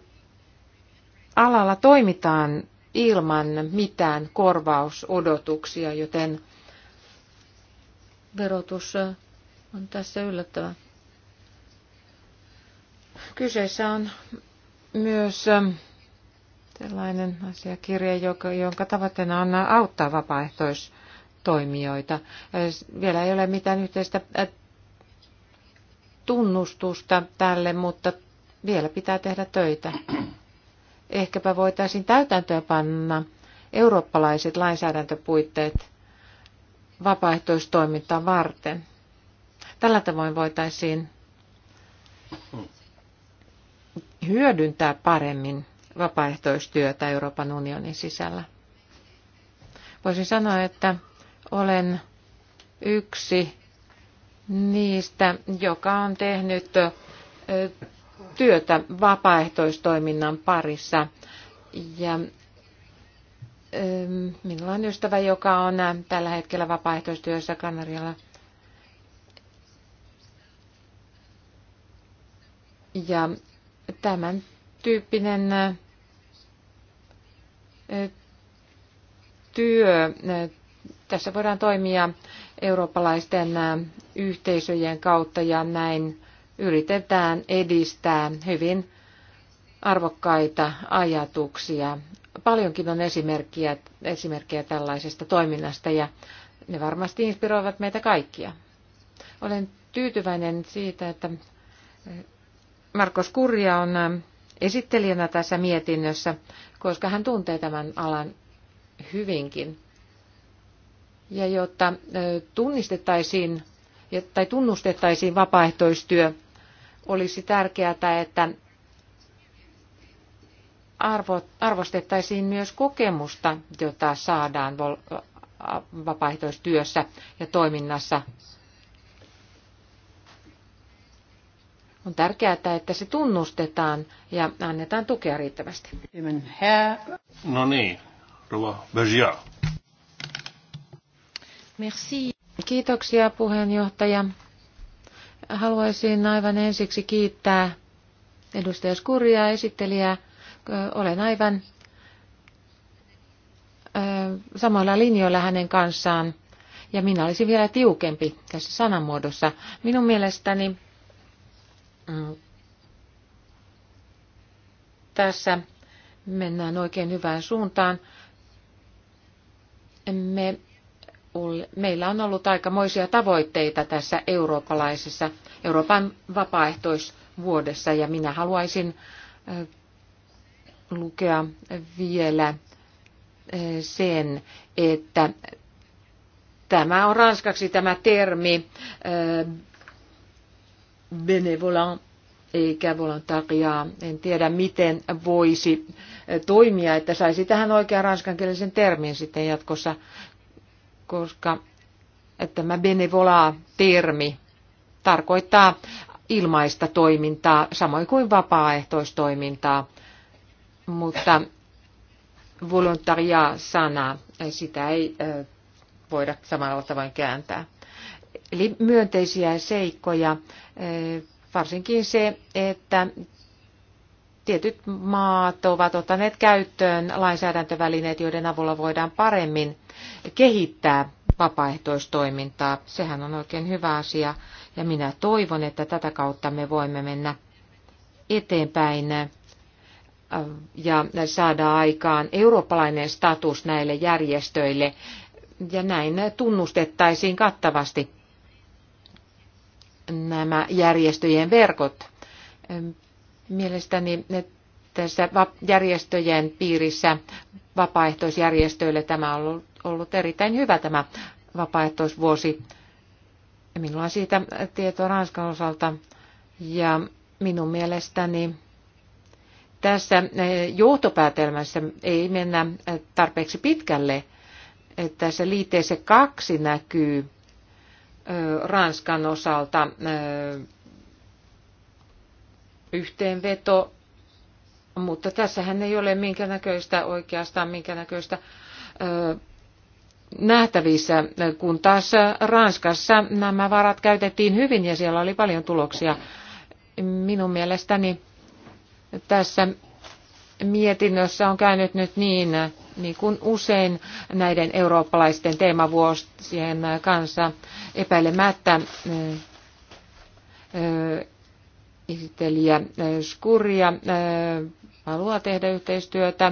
alalla toimitaan ilman mitään korvausodotuksia, joten verotus on tässä yllättävä. Kyseessä on myös sellainen asiakirja, joka, jonka tavoitteena on auttaa vapaaehtoistoimijoita. Äh, vielä ei ole mitään yhteistä äh, tunnustusta tälle, mutta vielä pitää tehdä töitä. Ehkäpä voitaisiin täytäntöön panna eurooppalaiset lainsäädäntöpuitteet vapaaehtoistoimintaa varten. Tällä tavoin voitaisiin hyödyntää paremmin vapaaehtoistyötä Euroopan unionin sisällä. Voisin sanoa, että olen yksi niistä, joka on tehnyt työtä vapaaehtoistoiminnan parissa. Ja minulla on ystävä, joka on tällä hetkellä vapaaehtoistyössä Kanarialla. Ja tämän tyyppinen työ. Tässä voidaan toimia eurooppalaisten yhteisöjen kautta ja näin yritetään edistää hyvin arvokkaita ajatuksia. Paljonkin on esimerkkejä, esimerkkejä tällaisesta toiminnasta ja ne varmasti inspiroivat meitä kaikkia. Olen tyytyväinen siitä, että Markus Kurja on esittelijänä tässä mietinnössä koska hän tuntee tämän alan hyvinkin. Ja jotta tunnistettaisiin tai tunnustettaisiin vapaaehtoistyö, olisi tärkeää, että arvo, arvostettaisiin myös kokemusta, jota saadaan vapaaehtoistyössä ja toiminnassa On tärkeää, että se tunnustetaan ja annetaan tukea riittävästi. No niin, Rova Merci. Kiitoksia puheenjohtaja. Haluaisin aivan ensiksi kiittää edustaja Skurjaa, esittelijää. Olen aivan samoilla linjoilla hänen kanssaan. Ja minä olisin vielä tiukempi tässä sanamuodossa. Minun mielestäni Mm. Tässä mennään oikein hyvään suuntaan. Me, meillä on ollut aikamoisia tavoitteita tässä eurooppalaisessa Euroopan vapaaehtoisvuodessa ja minä haluaisin lukea vielä sen, että tämä on ranskaksi tämä termi benevolan eikä volontariaa. En tiedä, miten voisi toimia, että saisi tähän oikean ranskankielisen termin sitten jatkossa, koska tämä benevola termi tarkoittaa ilmaista toimintaa, samoin kuin vapaaehtoistoimintaa, mutta volontaria-sana, sitä ei voida samalla tavoin kääntää. Eli myönteisiä seikkoja, eh, varsinkin se, että tietyt maat ovat ottaneet käyttöön lainsäädäntövälineet, joiden avulla voidaan paremmin kehittää vapaaehtoistoimintaa. Sehän on oikein hyvä asia ja minä toivon, että tätä kautta me voimme mennä eteenpäin eh, ja saada aikaan eurooppalainen status näille järjestöille ja näin tunnustettaisiin kattavasti nämä järjestöjen verkot. Mielestäni tässä järjestöjen piirissä vapaaehtoisjärjestöille tämä on ollut erittäin hyvä tämä vapaaehtoisvuosi. Minulla on siitä tietoa Ranskan osalta ja minun mielestäni tässä eh, johtopäätelmässä ei mennä eh, tarpeeksi pitkälle. Eh, tässä liitteessä kaksi näkyy Ranskan osalta yhteenveto, mutta tässähän ei ole minkäännäköistä oikeastaan minkäännäköistä nähtävissä, kun taas Ranskassa nämä varat käytettiin hyvin ja siellä oli paljon tuloksia. Minun mielestäni tässä mietinnössä on käynyt nyt niin, niin kuin usein näiden eurooppalaisten teemavuosien kanssa epäilemättä eh, eh, esittelijä eh, Skuria haluaa tehdä yhteistyötä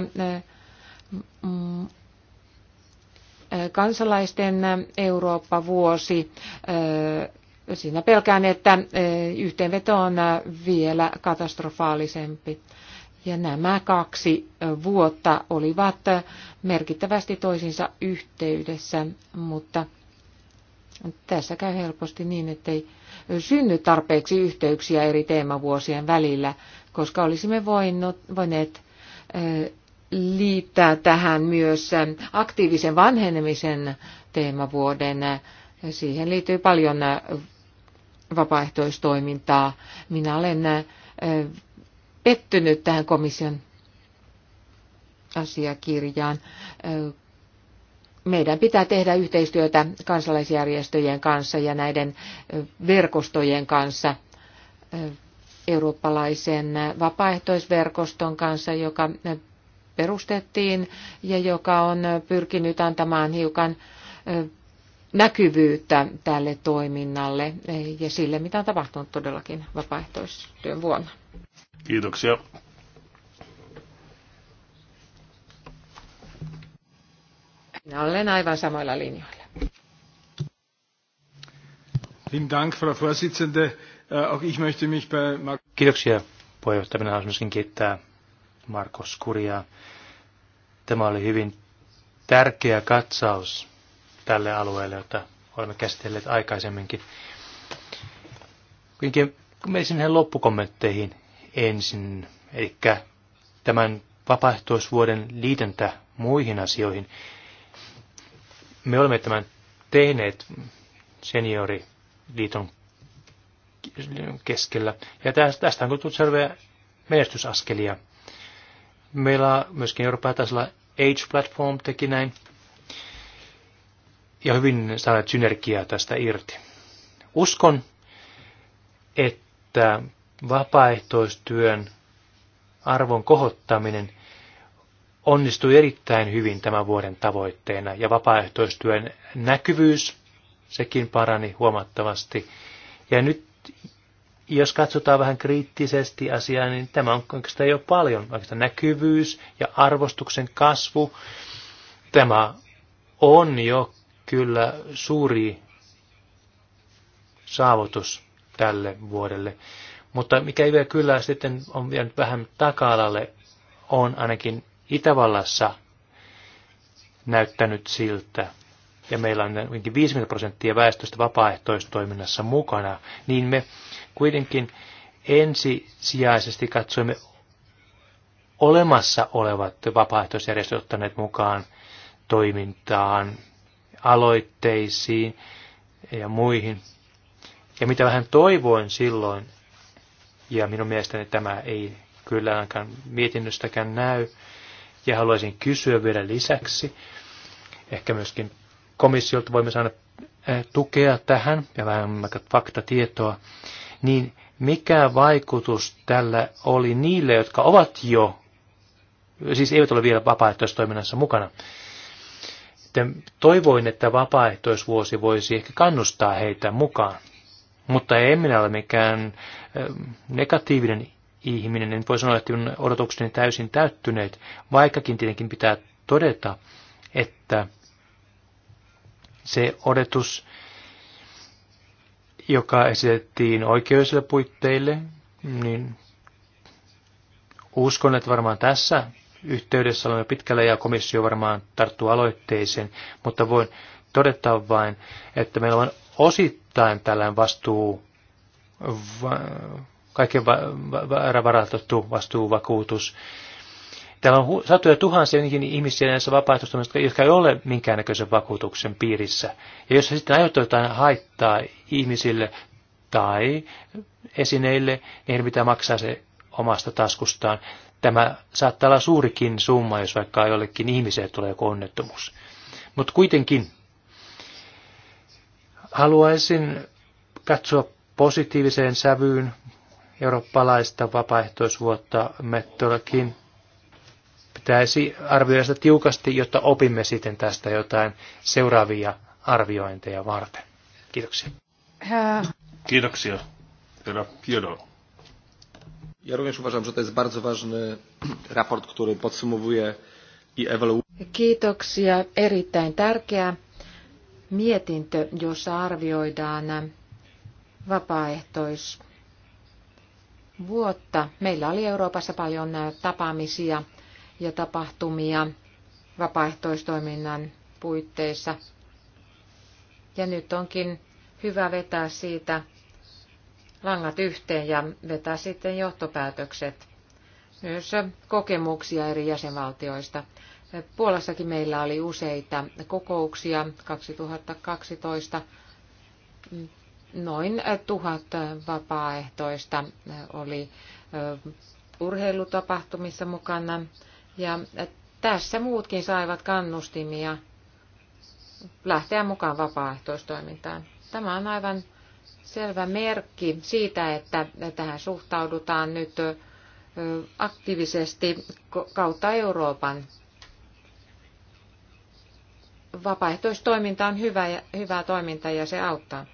kansalaisten Eurooppa-vuosi. Siinä pelkään, että yhteenveto on vielä katastrofaalisempi. Ja nämä kaksi vuotta olivat merkittävästi toisinsa yhteydessä, mutta tässä käy helposti niin, ettei synny tarpeeksi yhteyksiä eri teemavuosien välillä, koska olisimme voineet liittää tähän myös aktiivisen vanhenemisen teemavuoden. Siihen liittyy paljon vapaaehtoistoimintaa. Minä olen pettynyt tähän komission asiakirjaan. Meidän pitää tehdä yhteistyötä kansalaisjärjestöjen kanssa ja näiden verkostojen kanssa, eurooppalaisen vapaaehtoisverkoston kanssa, joka perustettiin ja joka on pyrkinyt antamaan hiukan näkyvyyttä tälle toiminnalle ja sille, mitä on tapahtunut todellakin vapaaehtoistyön vuonna. Kiitoksia. Minä olen aivan samoilla linjoilla. Dank, Frau Vorsitzende. Äh, auch ich möchte mich bei Mark Kiitoksia puheenjohtaja. Minä haluaisin myöskin kiittää Markus Skuria. Tämä oli hyvin tärkeä katsaus tälle alueelle, jota olemme käsitelleet aikaisemminkin. Kuitenkin kun menisin näihin loppukommentteihin, ensin, eli tämän vapaaehtoisvuoden liitäntä muihin asioihin. Me olemme tämän tehneet senioriliiton keskellä. Ja tästä on tullut selviä menestysaskelia. Meillä on myöskin Euroopan tasolla Age Platform teki näin. Ja hyvin saaneet synergiaa tästä irti. Uskon, että vapaaehtoistyön arvon kohottaminen onnistui erittäin hyvin tämän vuoden tavoitteena ja vapaaehtoistyön näkyvyys, sekin parani huomattavasti. Ja nyt jos katsotaan vähän kriittisesti asiaa, niin tämä on oikeastaan jo paljon. vaikka näkyvyys ja arvostuksen kasvu, tämä on jo kyllä suuri saavutus tälle vuodelle. Mutta mikä ei vielä kyllä sitten on vielä vähän taka-alalle, on ainakin Itävallassa näyttänyt siltä, ja meillä on 50 prosenttia väestöstä vapaaehtoistoiminnassa mukana, niin me kuitenkin ensisijaisesti katsoimme olemassa olevat vapaaehtoisjärjestöt ottaneet mukaan toimintaan, aloitteisiin ja muihin. Ja mitä vähän toivoin silloin, ja minun mielestäni tämä ei kyllä ainakaan mietinnöstäkään näy. Ja haluaisin kysyä vielä lisäksi, ehkä myöskin komissiolta voimme saada tukea tähän ja vähän faktatietoa, niin mikä vaikutus tällä oli niille, jotka ovat jo, siis eivät ole vielä vapaaehtoistoiminnassa mukana. Toivoin, että vapaaehtoisvuosi voisi ehkä kannustaa heitä mukaan mutta ei minä ole mikään negatiivinen ihminen, en voi sanoa, että minun odotukseni täysin täyttyneet, vaikkakin tietenkin pitää todeta, että se odotus, joka esitettiin oikeusille puitteille, niin uskon, että varmaan tässä yhteydessä olemme pitkällä ja komissio varmaan tarttuu aloitteeseen, mutta voin todeta vain, että meillä on osittain tällainen vastuu, va, kaiken va, va, varatettu vastuuvakuutus. Täällä on satoja tuhansia ihmisiä näissä vapaaehtoistoimissa, jotka ei ole minkäännäköisen vakuutuksen piirissä. Ja jos he sitten aiheuttavat jotain haittaa ihmisille tai esineille, niin heidän pitää maksaa se omasta taskustaan. Tämä saattaa olla suurikin summa, jos vaikka jollekin ihmiselle tulee joku onnettomuus. Mutta kuitenkin Haluaisin katsoa positiiviseen sävyyn eurooppalaista vapaaehtoisvuotta. Mettolakin. pitäisi arvioida sitä tiukasti, jotta opimme sitten tästä jotain seuraavia arviointeja varten. Kiitoksia. Kiitoksia. Herra Piedon. Ja również uważam, że to jest bardzo ważny raport, który podsumowuje i ewaluuje. Kiitoksia. Erittäin tärkeä mietintö, jossa arvioidaan vapaaehtois vuotta. Meillä oli Euroopassa paljon tapaamisia ja tapahtumia vapaaehtoistoiminnan puitteissa. Ja nyt onkin hyvä vetää siitä langat yhteen ja vetää sitten johtopäätökset. Myös kokemuksia eri jäsenvaltioista. Puolassakin meillä oli useita kokouksia 2012. Noin tuhat vapaaehtoista oli urheilutapahtumissa mukana. Ja tässä muutkin saivat kannustimia lähteä mukaan vapaaehtoistoimintaan. Tämä on aivan selvä merkki siitä, että tähän suhtaudutaan nyt aktiivisesti kautta Euroopan vapaaehtoistoiminta on hyvä ja, hyvää toimintaa ja se auttaa.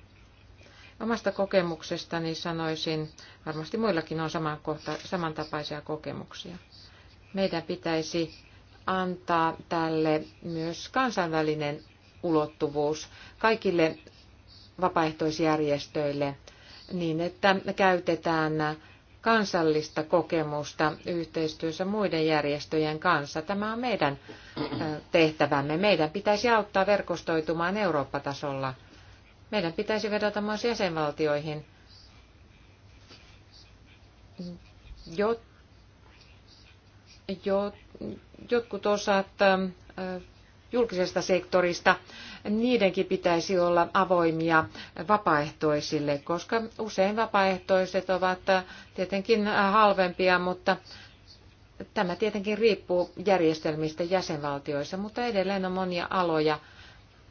Omasta kokemuksestani sanoisin, varmasti muillakin on saman kohta, samantapaisia kokemuksia. Meidän pitäisi antaa tälle myös kansainvälinen ulottuvuus kaikille vapaaehtoisjärjestöille niin, että käytetään kansallista kokemusta yhteistyössä muiden järjestöjen kanssa. Tämä on meidän tehtävämme. Meidän pitäisi auttaa verkostoitumaan Eurooppa-tasolla. Meidän pitäisi vedota myös jäsenvaltioihin, jotkut osat julkisesta sektorista, niidenkin pitäisi olla avoimia vapaaehtoisille, koska usein vapaaehtoiset ovat tietenkin halvempia, mutta tämä tietenkin riippuu järjestelmistä jäsenvaltioissa, mutta edelleen on monia aloja,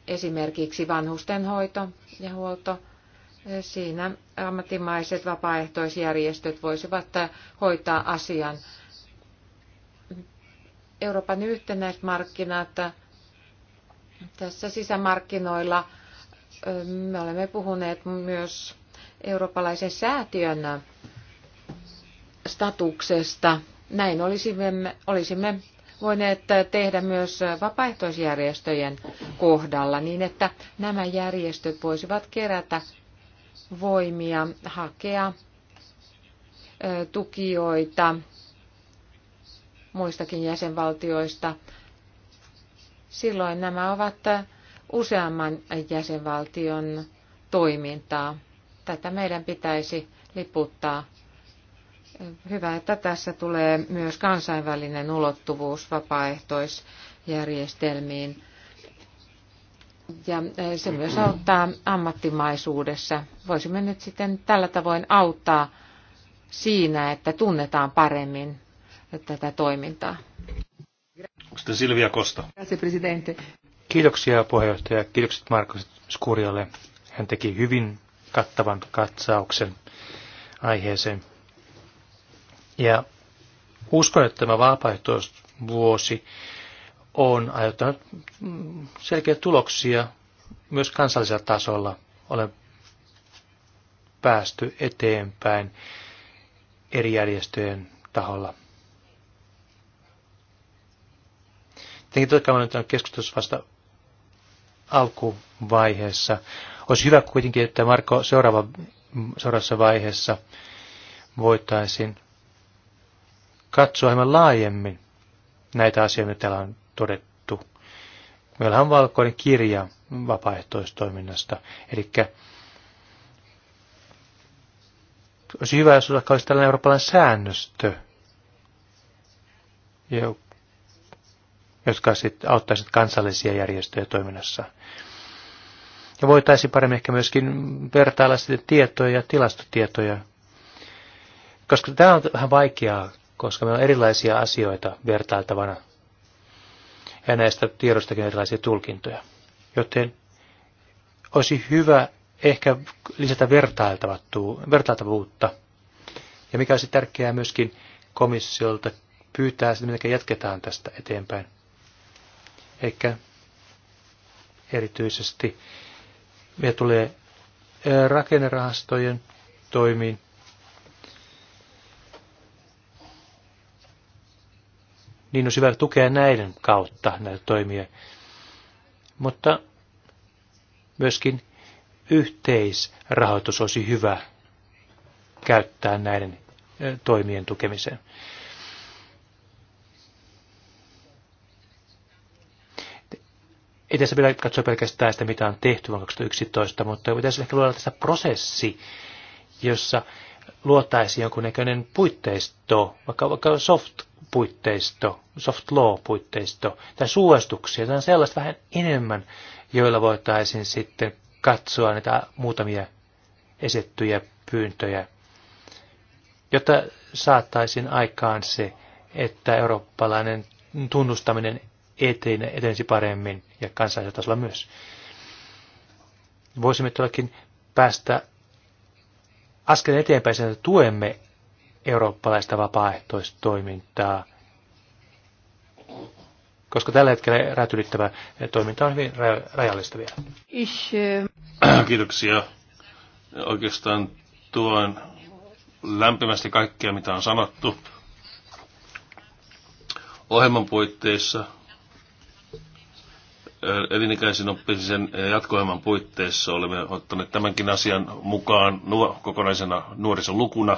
esimerkiksi vanhustenhoito ja huolto. Siinä ammattimaiset vapaaehtoisjärjestöt voisivat hoitaa asian. Euroopan yhtenäiset markkinat tässä sisämarkkinoilla. Me olemme puhuneet myös eurooppalaisen säätiön statuksesta. Näin olisimme, olisimme voineet tehdä myös vapaaehtoisjärjestöjen kohdalla niin, että nämä järjestöt voisivat kerätä voimia hakea tukijoita muistakin jäsenvaltioista silloin nämä ovat useamman jäsenvaltion toimintaa. Tätä meidän pitäisi liputtaa. Hyvä, että tässä tulee myös kansainvälinen ulottuvuus vapaaehtoisjärjestelmiin. Ja eh, se myös auttaa ammattimaisuudessa. Voisimme nyt sitten tällä tavoin auttaa siinä, että tunnetaan paremmin tätä toimintaa. Sitten Silvia Kosta. Kiitoksia puheenjohtaja. Kiitokset Markus Skurjalle. Hän teki hyvin kattavan katsauksen aiheeseen. Ja uskon, että tämä vapaaehtoisvuosi on aiheuttanut selkeitä tuloksia myös kansallisella tasolla. Olen päästy eteenpäin eri järjestöjen taholla. Tietenkin kai on keskustelussa vasta alkuvaiheessa. Olisi hyvä kuitenkin, että Marko seuraava, seuraavassa vaiheessa voitaisiin katsoa hieman laajemmin näitä asioita, mitä täällä on todettu. Meillä on valkoinen kirja vapaaehtoistoiminnasta, eli olisi hyvä, jos olisi tällainen eurooppalainen säännöstö, jotka sitten auttaisivat kansallisia järjestöjä toiminnassa. Ja voitaisiin paremmin ehkä myöskin vertailla sitten tietoja ja tilastotietoja, koska tämä on vähän vaikeaa, koska meillä on erilaisia asioita vertailtavana ja näistä tiedostakin erilaisia tulkintoja. Joten olisi hyvä ehkä lisätä vertailtavuutta. Ja mikä olisi tärkeää myöskin komissiolta pyytää että miten jatketaan tästä eteenpäin eikä erityisesti me tulee rakennerahastojen toimiin. Niin olisi hyvä tukea näiden kautta näitä toimia. Mutta myöskin yhteisrahoitus olisi hyvä käyttää näiden toimien tukemiseen. ei tässä pidä katsoa pelkästään sitä, mitä on tehty vuonna 2011, mutta pitäisi ehkä luoda tässä prosessi, jossa luotaisiin jonkunnäköinen puitteisto, vaikka, vaikka soft-puitteisto, soft law-puitteisto, tai suostuksia, tai sellaista vähän enemmän, joilla voitaisiin sitten katsoa näitä muutamia esittyjä pyyntöjä, jotta saattaisin aikaan se, että eurooppalainen tunnustaminen etene, etenisi paremmin ja kansallisella tasolla myös. Voisimme todellakin päästä askeleen eteenpäin sen, että tuemme eurooppalaista vapaaehtoistoimintaa, koska tällä hetkellä rajat toiminta on hyvin rajallista vielä. Kiitoksia. Oikeastaan tuon lämpimästi kaikkea, mitä on sanottu. Ohjelman puitteissa elinikäisen oppimisen jatkoelman puitteissa olemme ottaneet tämänkin asian mukaan nuor- kokonaisena nuorisolukuna.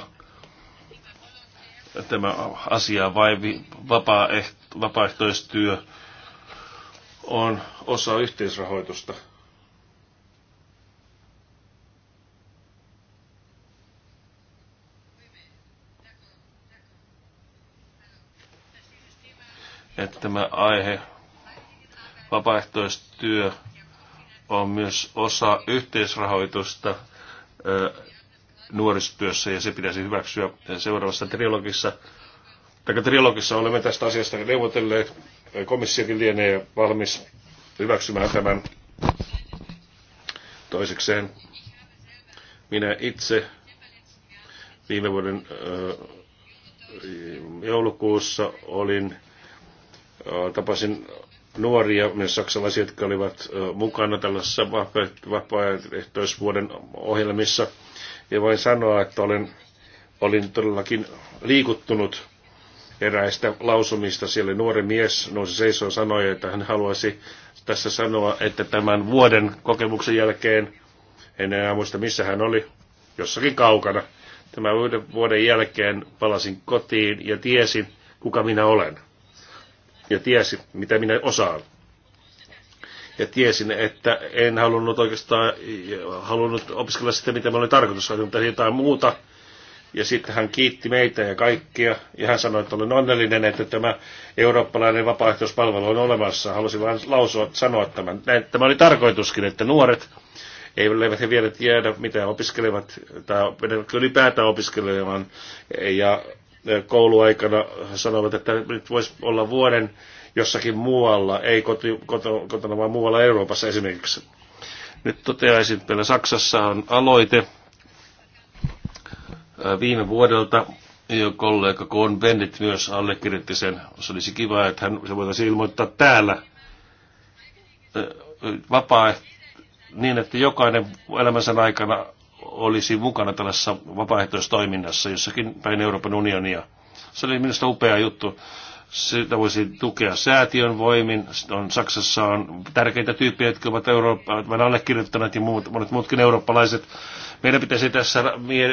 Tämä asia vaivi, vapaaeht- vapaaehtoistyö on osa yhteisrahoitusta. Että tämä aihe Vapaaehtoistyö on myös osa yhteisrahoitusta nuorisotyössä ja se pitäisi hyväksyä seuraavassa trilogissa. Tällä trilogissa olemme tästä asiasta neuvotelleet. Komissiokin lienee valmis hyväksymään tämän toisekseen. Minä itse viime vuoden joulukuussa olin, tapasin nuoria, myös saksalaisia, jotka olivat mukana tällaisessa vapaaehtoisvuoden ohjelmissa. Ja voin sanoa, että olen, olin todellakin liikuttunut eräistä lausumista. Siellä nuori mies nousi seisoon sanoi, että hän haluaisi tässä sanoa, että tämän vuoden kokemuksen jälkeen, en enää muista missä hän oli, jossakin kaukana, tämän vuoden jälkeen palasin kotiin ja tiesin, kuka minä olen ja tiesi, mitä minä osaan. Ja tiesin, että en halunnut oikeastaan halunnut opiskella sitä, mitä minä olin tarkoitus, vaan jotain muuta. Ja sitten hän kiitti meitä ja kaikkia, ja hän sanoi, että olen onnellinen, että tämä eurooppalainen vapaaehtoispalvelu on olemassa. Halusin vain lausua, sanoa tämän. Tämä oli tarkoituskin, että nuoret eivät he vielä tiedä, mitä opiskelevat, tai ylipäätään opiskelemaan, ja kouluaikana sanovat, että nyt voisi olla vuoden jossakin muualla, ei koti, kotona, vaan muualla Euroopassa esimerkiksi. Nyt toteaisin, että meillä Saksassa on aloite viime vuodelta, jo kollega Kohn Bennett myös allekirjoitti sen. Se olisi kiva, että hän, se voitaisiin ilmoittaa täällä vapaa, niin, että jokainen elämänsä aikana olisi mukana tällaisessa vapaaehtoistoiminnassa jossakin päin Euroopan unionia. Se oli minusta upea juttu. Sitä voisi tukea säätiön voimin. on, Saksassa on tärkeitä tyyppejä, jotka ovat Euroopan allekirjoittaneet ja muut, monet muutkin eurooppalaiset. Meidän pitäisi tässä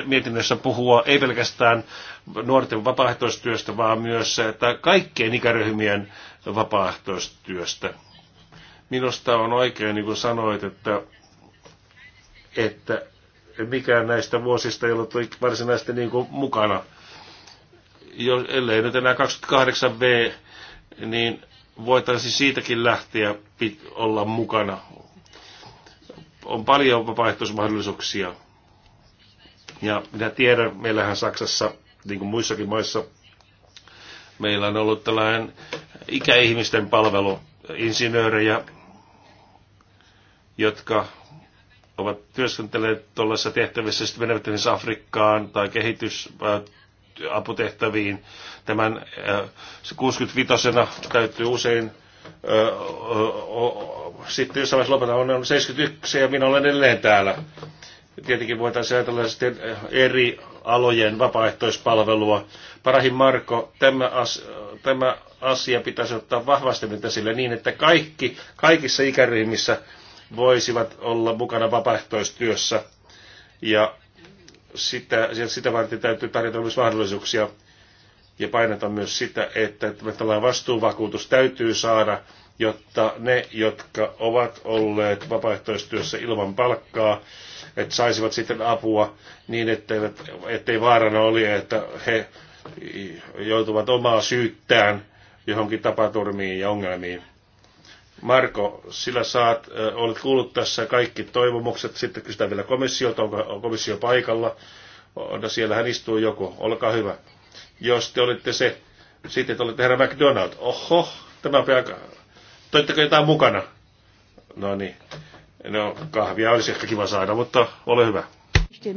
mietinnössä puhua ei pelkästään nuorten vapaaehtoistyöstä, vaan myös se, että kaikkien ikäryhmien vapaaehtoistyöstä. Minusta on oikein, niin kuin sanoit, että, että mikään näistä vuosista ei ollut varsinaisesti niin kuin mukana. Jos, ellei nyt enää 28 b niin voitaisiin siitäkin lähteä pit, olla mukana. On paljon vapaaehtoismahdollisuuksia. Ja minä tiedän, meillähän Saksassa, niin kuin muissakin maissa, meillä on ollut tällainen ikäihmisten palvelu, insinöörejä, jotka ovat työskentelleet tuollaisissa tehtävissä, sitten menevät esimerkiksi Afrikkaan tai kehitysaputehtäviin. Tämän 65 äh, täytyy usein äh, sitten jossain vaiheessa lopetan, on 71 ja minä olen edelleen täällä. Tietenkin voitaisiin ajatella sitten äh, eri alojen vapaaehtoispalvelua. Parahin Marko, tämä, as, tämä asia pitäisi ottaa vahvasti nyt esille niin, että kaikki, kaikissa ikäryhmissä – voisivat olla mukana vapaaehtoistyössä ja sitä, sitä varten täytyy tarjota myös mahdollisuuksia ja painata myös sitä, että, että tällainen vastuuvakuutus täytyy saada, jotta ne, jotka ovat olleet vapaaehtoistyössä ilman palkkaa, että saisivat sitten apua niin, etteivät, ettei vaarana oli, että he joutuvat omaa syyttään johonkin tapaturmiin ja ongelmiin. Marko, sillä saat, äh, olet kuullut tässä kaikki toivomukset. Sitten kysytään vielä komissiolta, onko, komissio paikalla. No hän istuu joku, olkaa hyvä. Jos te olitte se, sitten te olette herra McDonald. Oho, tämä on aika... Toitteko jotain mukana? No niin. No, kahvia olisi ehkä kiva saada, mutta ole hyvä. the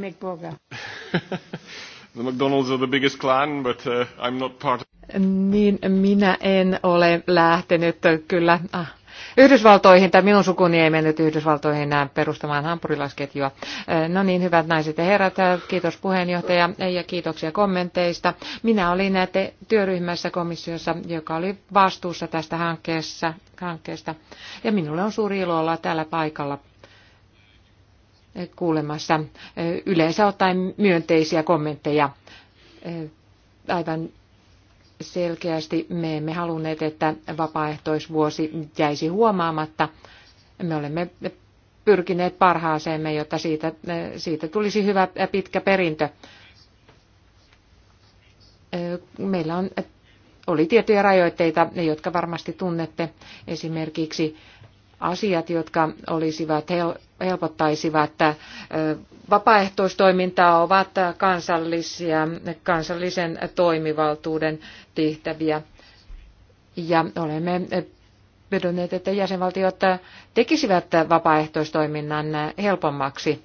McDonald's are the biggest clan, but uh, I'm not part of... Niin, minä en ole lähtenyt kyllä ah, Yhdysvaltoihin, tai minun sukuni ei mennyt Yhdysvaltoihin näin äh, perustamaan hampurilaisketjua. Äh, no niin, hyvät naiset ja herrat, äh, kiitos puheenjohtaja ja kiitoksia kommenteista. Minä olin näette työryhmässä komissiossa, joka oli vastuussa tästä hankkeessa, hankkeesta, ja minulle on suuri ilo olla täällä paikalla kuulemassa yleensä ottaen myönteisiä kommentteja aivan selkeästi me emme halunneet, että vapaaehtoisvuosi jäisi huomaamatta. Me olemme pyrkineet parhaaseemme, jotta siitä, siitä tulisi hyvä pitkä perintö. Meillä on, oli tiettyjä rajoitteita, jotka varmasti tunnette. Esimerkiksi asiat, jotka olisivat helpottaisivat vapaaehtoistoimintaa, ovat kansallisia, kansallisen toimivaltuuden tehtäviä. Ja olemme vedonneet, että jäsenvaltiot tekisivät vapaaehtoistoiminnan helpommaksi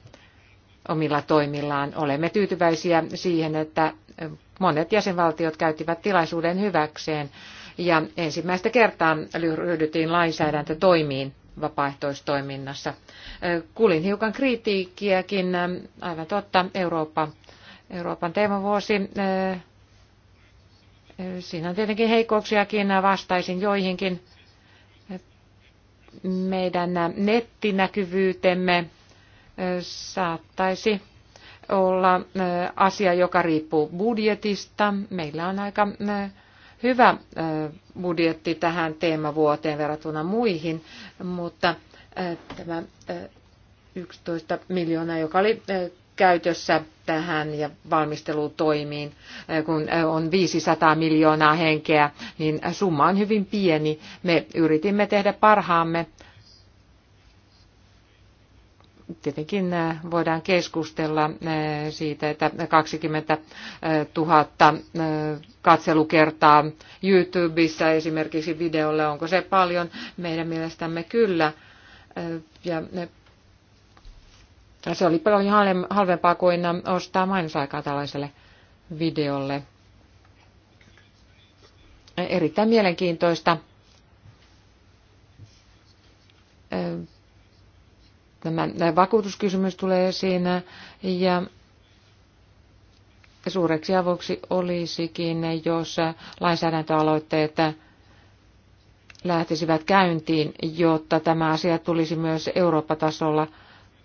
omilla toimillaan. Olemme tyytyväisiä siihen, että monet jäsenvaltiot käyttivät tilaisuuden hyväkseen ja ensimmäistä kertaa ryhdyttiin lainsäädäntötoimiin vapaaehtoistoiminnassa. Kuulin hiukan kritiikkiäkin, aivan totta, Eurooppa, Euroopan teemavuosi. Siinä on tietenkin heikkouksiakin, vastaisin joihinkin. Meidän nettinäkyvyytemme saattaisi olla asia, joka riippuu budjetista. Meillä on aika hyvä budjetti tähän teemavuoteen verrattuna muihin, mutta tämä 11 miljoonaa, joka oli käytössä tähän ja valmistelutoimiin, kun on 500 miljoonaa henkeä, niin summa on hyvin pieni. Me yritimme tehdä parhaamme tietenkin voidaan keskustella siitä, että 20 000 katselukertaa YouTubessa esimerkiksi videolle, onko se paljon? Meidän mielestämme kyllä. Ja se oli paljon halvempaa kuin ostaa mainosaikaa tällaiselle videolle. Erittäin mielenkiintoista Tämä vakuutuskysymys tulee siinä, ja suureksi avuksi olisikin, jos lainsäädäntöaloitteet lähtisivät käyntiin, jotta tämä asia tulisi myös Eurooppa-tasolla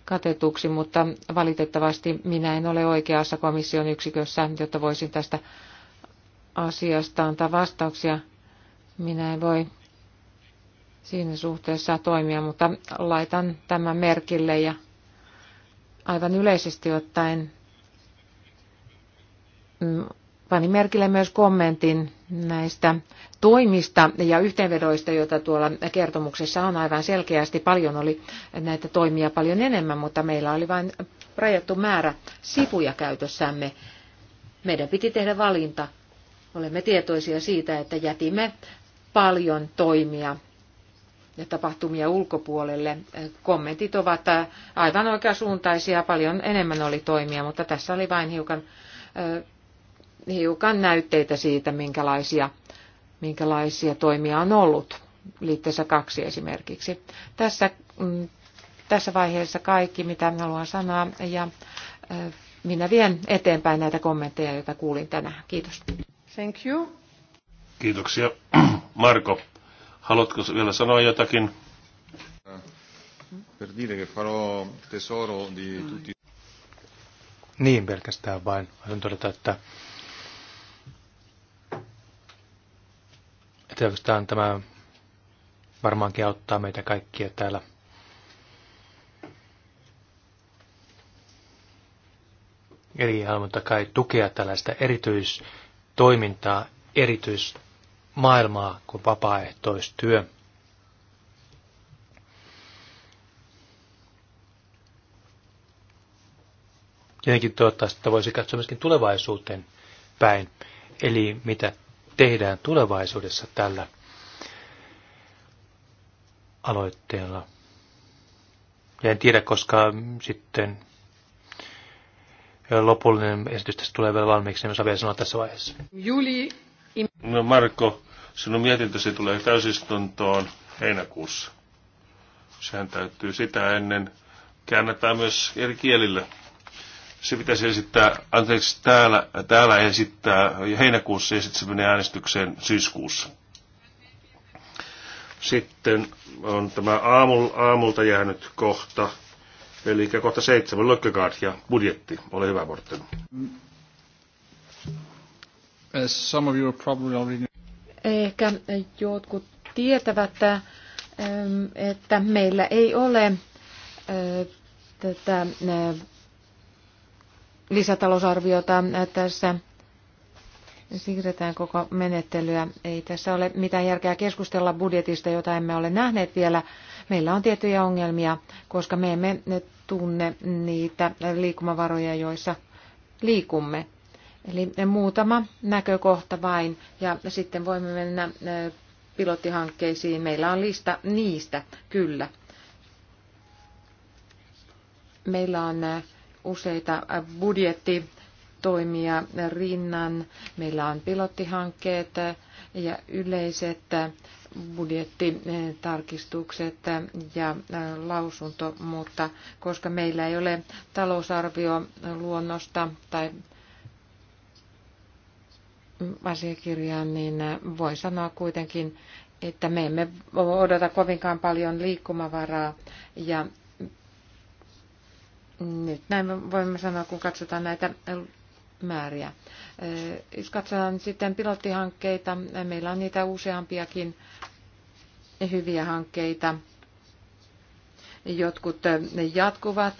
katetuksi, mutta valitettavasti minä en ole oikeassa komission yksikössä, jotta voisin tästä asiasta antaa vastauksia. Minä en voi siinä suhteessa toimia, mutta laitan tämän merkille ja aivan yleisesti ottaen mm, panin merkille myös kommentin näistä toimista ja yhteenvedoista, joita tuolla kertomuksessa on aivan selkeästi. Paljon oli näitä toimia paljon enemmän, mutta meillä oli vain rajattu määrä sivuja käytössämme. Meidän piti tehdä valinta. Olemme tietoisia siitä, että jätimme paljon toimia tapahtumia ulkopuolelle. Kommentit ovat aivan oikeasuuntaisia, paljon enemmän oli toimia, mutta tässä oli vain hiukan, eh, hiukan näytteitä siitä, minkälaisia, minkälaisia toimia on ollut. Liitteessä kaksi esimerkiksi. Tässä, mm, tässä vaiheessa kaikki, mitä haluan sanoa, ja eh, minä vien eteenpäin näitä kommentteja, joita kuulin tänään. Kiitos. Thank you. Kiitoksia. Marko, Haluatko vielä sanoa jotakin? Per dire che farò tesoro di tutti. Niin pelkästään vain. Haluan todeta, että että tämä varmaankin auttaa meitä kaikkia täällä Eli haluan kai tukea tällaista erityistoimintaa, erityis maailmaa kuin vapaaehtoistyö. Jotenkin toivottavasti että voisi katsoa myöskin tulevaisuuteen päin, eli mitä tehdään tulevaisuudessa tällä aloitteella. Ja en tiedä, koska sitten lopullinen esitys tässä tulee vielä valmiiksi, niin mä saan vielä sanoa tässä vaiheessa. Juli. No Marko, Sinun mietintösi tulee täysistuntoon heinäkuussa. Sehän täytyy sitä ennen. Käännetään myös eri kielillä. Se pitäisi esittää, anteeksi, täällä, täällä esittää heinäkuussa ja sitten se menee äänestykseen syyskuussa. Sitten on tämä aamul, aamulta jäänyt kohta, eli kohta seitsemän, Lökkegaard ja budjetti. Ole hyvä, Morten. As some of you probably already Ehkä jotkut tietävät, ähm, että meillä ei ole äh, tätä äh, lisätalousarviota tässä siirretään koko menettelyä. Ei tässä ole mitään järkeä keskustella budjetista, jota emme ole nähneet vielä. Meillä on tiettyjä ongelmia, koska me emme tunne niitä liikkumavaroja, joissa liikumme. Eli muutama näkökohta vain ja sitten voimme mennä pilottihankkeisiin. Meillä on lista niistä, kyllä. Meillä on useita budjettitoimia rinnan. Meillä on pilottihankkeet ja yleiset budjettitarkistukset ja lausunto, mutta koska meillä ei ole talousarvio luonnosta tai asiakirjaan, niin voi sanoa kuitenkin, että me emme odota kovinkaan paljon liikkumavaraa. Ja nyt näin voimme sanoa, kun katsotaan näitä määriä. Jos katsotaan sitten pilottihankkeita, meillä on niitä useampiakin hyviä hankkeita. Jotkut jatkuvat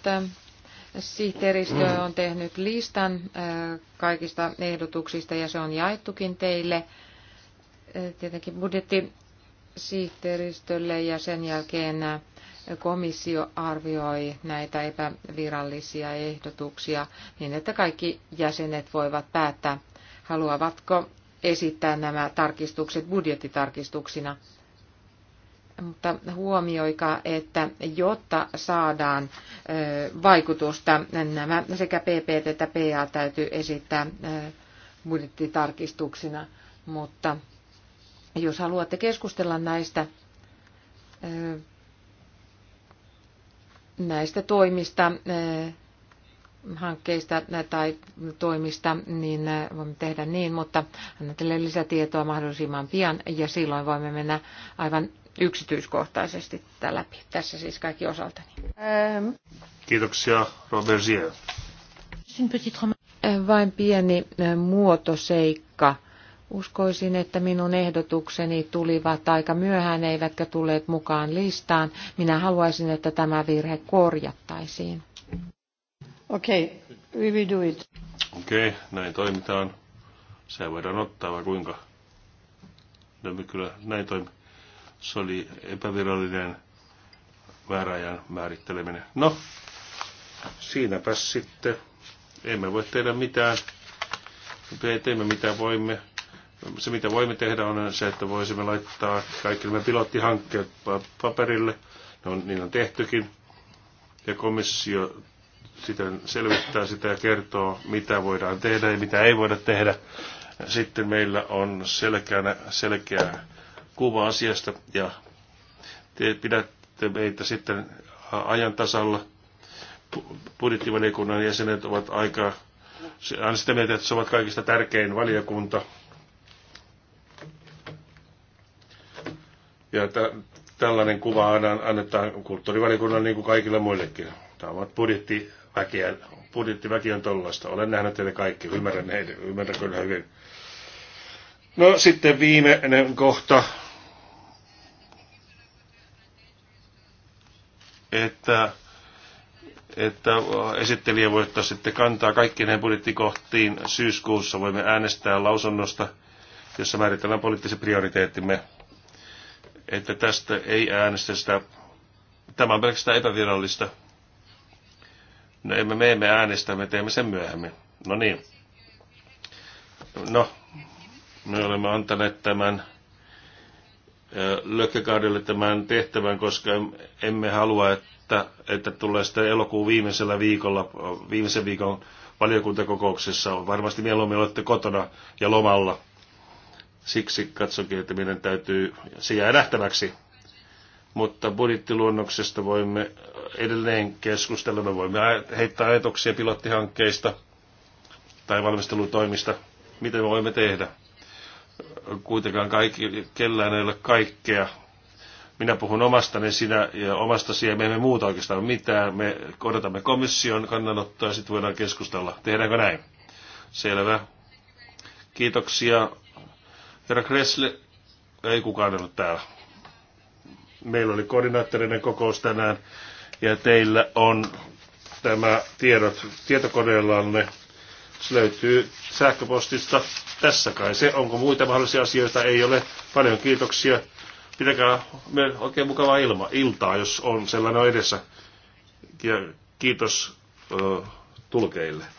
Sihteeristö on tehnyt listan äh, kaikista ehdotuksista ja se on jaettukin teille. Äh, tietenkin budjettisihteeristölle ja sen jälkeen äh, komissio arvioi näitä epävirallisia ehdotuksia niin, että kaikki jäsenet voivat päättää, haluavatko esittää nämä tarkistukset budjettitarkistuksina mutta huomioikaa, että jotta saadaan vaikutusta, nämä sekä PP että PA täytyy esittää budjettitarkistuksina, mutta jos haluatte keskustella näistä, näistä toimista, hankkeista tai toimista, niin voimme tehdä niin, mutta annan teille lisätietoa mahdollisimman pian ja silloin voimme mennä aivan yksityiskohtaisesti tätä läpi. Tässä siis kaikki osaltani. Ähm. Kiitoksia, Robert Zier. Äh, vain pieni äh, muotoseikka. Uskoisin, että minun ehdotukseni tulivat aika myöhään, eivätkä tulleet mukaan listaan. Minä haluaisin, että tämä virhe korjattaisiin. Okei, okay, we will do it. Okei, okay, näin toimitaan. Se voidaan ottaa, vai kuinka? Kyllä, näin toimii. Se oli epävirallinen määräajan määritteleminen. No, siinäpä sitten. Emme voi tehdä mitään. Me teemme mitä voimme. Se mitä voimme tehdä on se, että voisimme laittaa kaikki nämä pilottihankkeet paperille. Ne on, niin on tehtykin. Ja komissio sitten selvittää sitä ja kertoo, mitä voidaan tehdä ja mitä ei voida tehdä. Sitten meillä on selkeänä, selkeä kuva asiasta ja te pidätte meitä sitten ajan tasalla. Budjettivaliokunnan jäsenet ovat aika, aina sitä mieltä, että se ovat kaikista tärkein valiokunta. Ja tällainen kuva annetaan kulttuurivaliokunnan niin kuin kaikille muillekin. Tämä on budjettiväkiä, budjettiväki on tollaista. Olen nähnyt teille kaikki, ymmärrän heille, ymmärrän kyllä hyvin. No sitten viimeinen kohta, että, että esittelijä voi ottaa sitten kantaa kaikkiin näihin budjettikohtiin. Syyskuussa voimme äänestää lausunnosta, jossa määritellään poliittisen prioriteettimme, että tästä ei äänestetä. Tämä on pelkästään epävirallista. No emme, me emme äänestä, me teemme sen myöhemmin. No niin. No, me olemme antaneet tämän Lökkäkaudelle tämän tehtävän, koska emme halua, että, että tulee sitten elokuun viimeisellä viikolla, viimeisen viikon valiokuntakokouksessa. Varmasti mieluummin olette kotona ja lomalla. Siksi katsokin, että meidän täytyy, se jää nähtäväksi. Mutta budjettiluonnoksesta voimme edelleen keskustella. Me voimme heittää ajatuksia pilottihankkeista tai valmistelutoimista. Mitä me voimme tehdä? kuitenkaan kaikki, kellään ei ole kaikkea. Minä puhun omastani, sinä ja omastasi ja me emme muuta oikeastaan mitään. Me odotamme komission kannanottoa ja sitten voidaan keskustella. Tehdäänkö näin? Selvä. Kiitoksia. Herra Kressle, ei kukaan ollut täällä. Meillä oli koordinaattorinen kokous tänään ja teillä on tämä tiedot tietokoneellanne se löytyy sähköpostista. Tässä kai se. Onko muita mahdollisia asioita? Ei ole. Paljon kiitoksia. Pitäkää oikein mukavaa ilma, iltaa, jos on sellainen edessä. Ja kiitos tulkeille.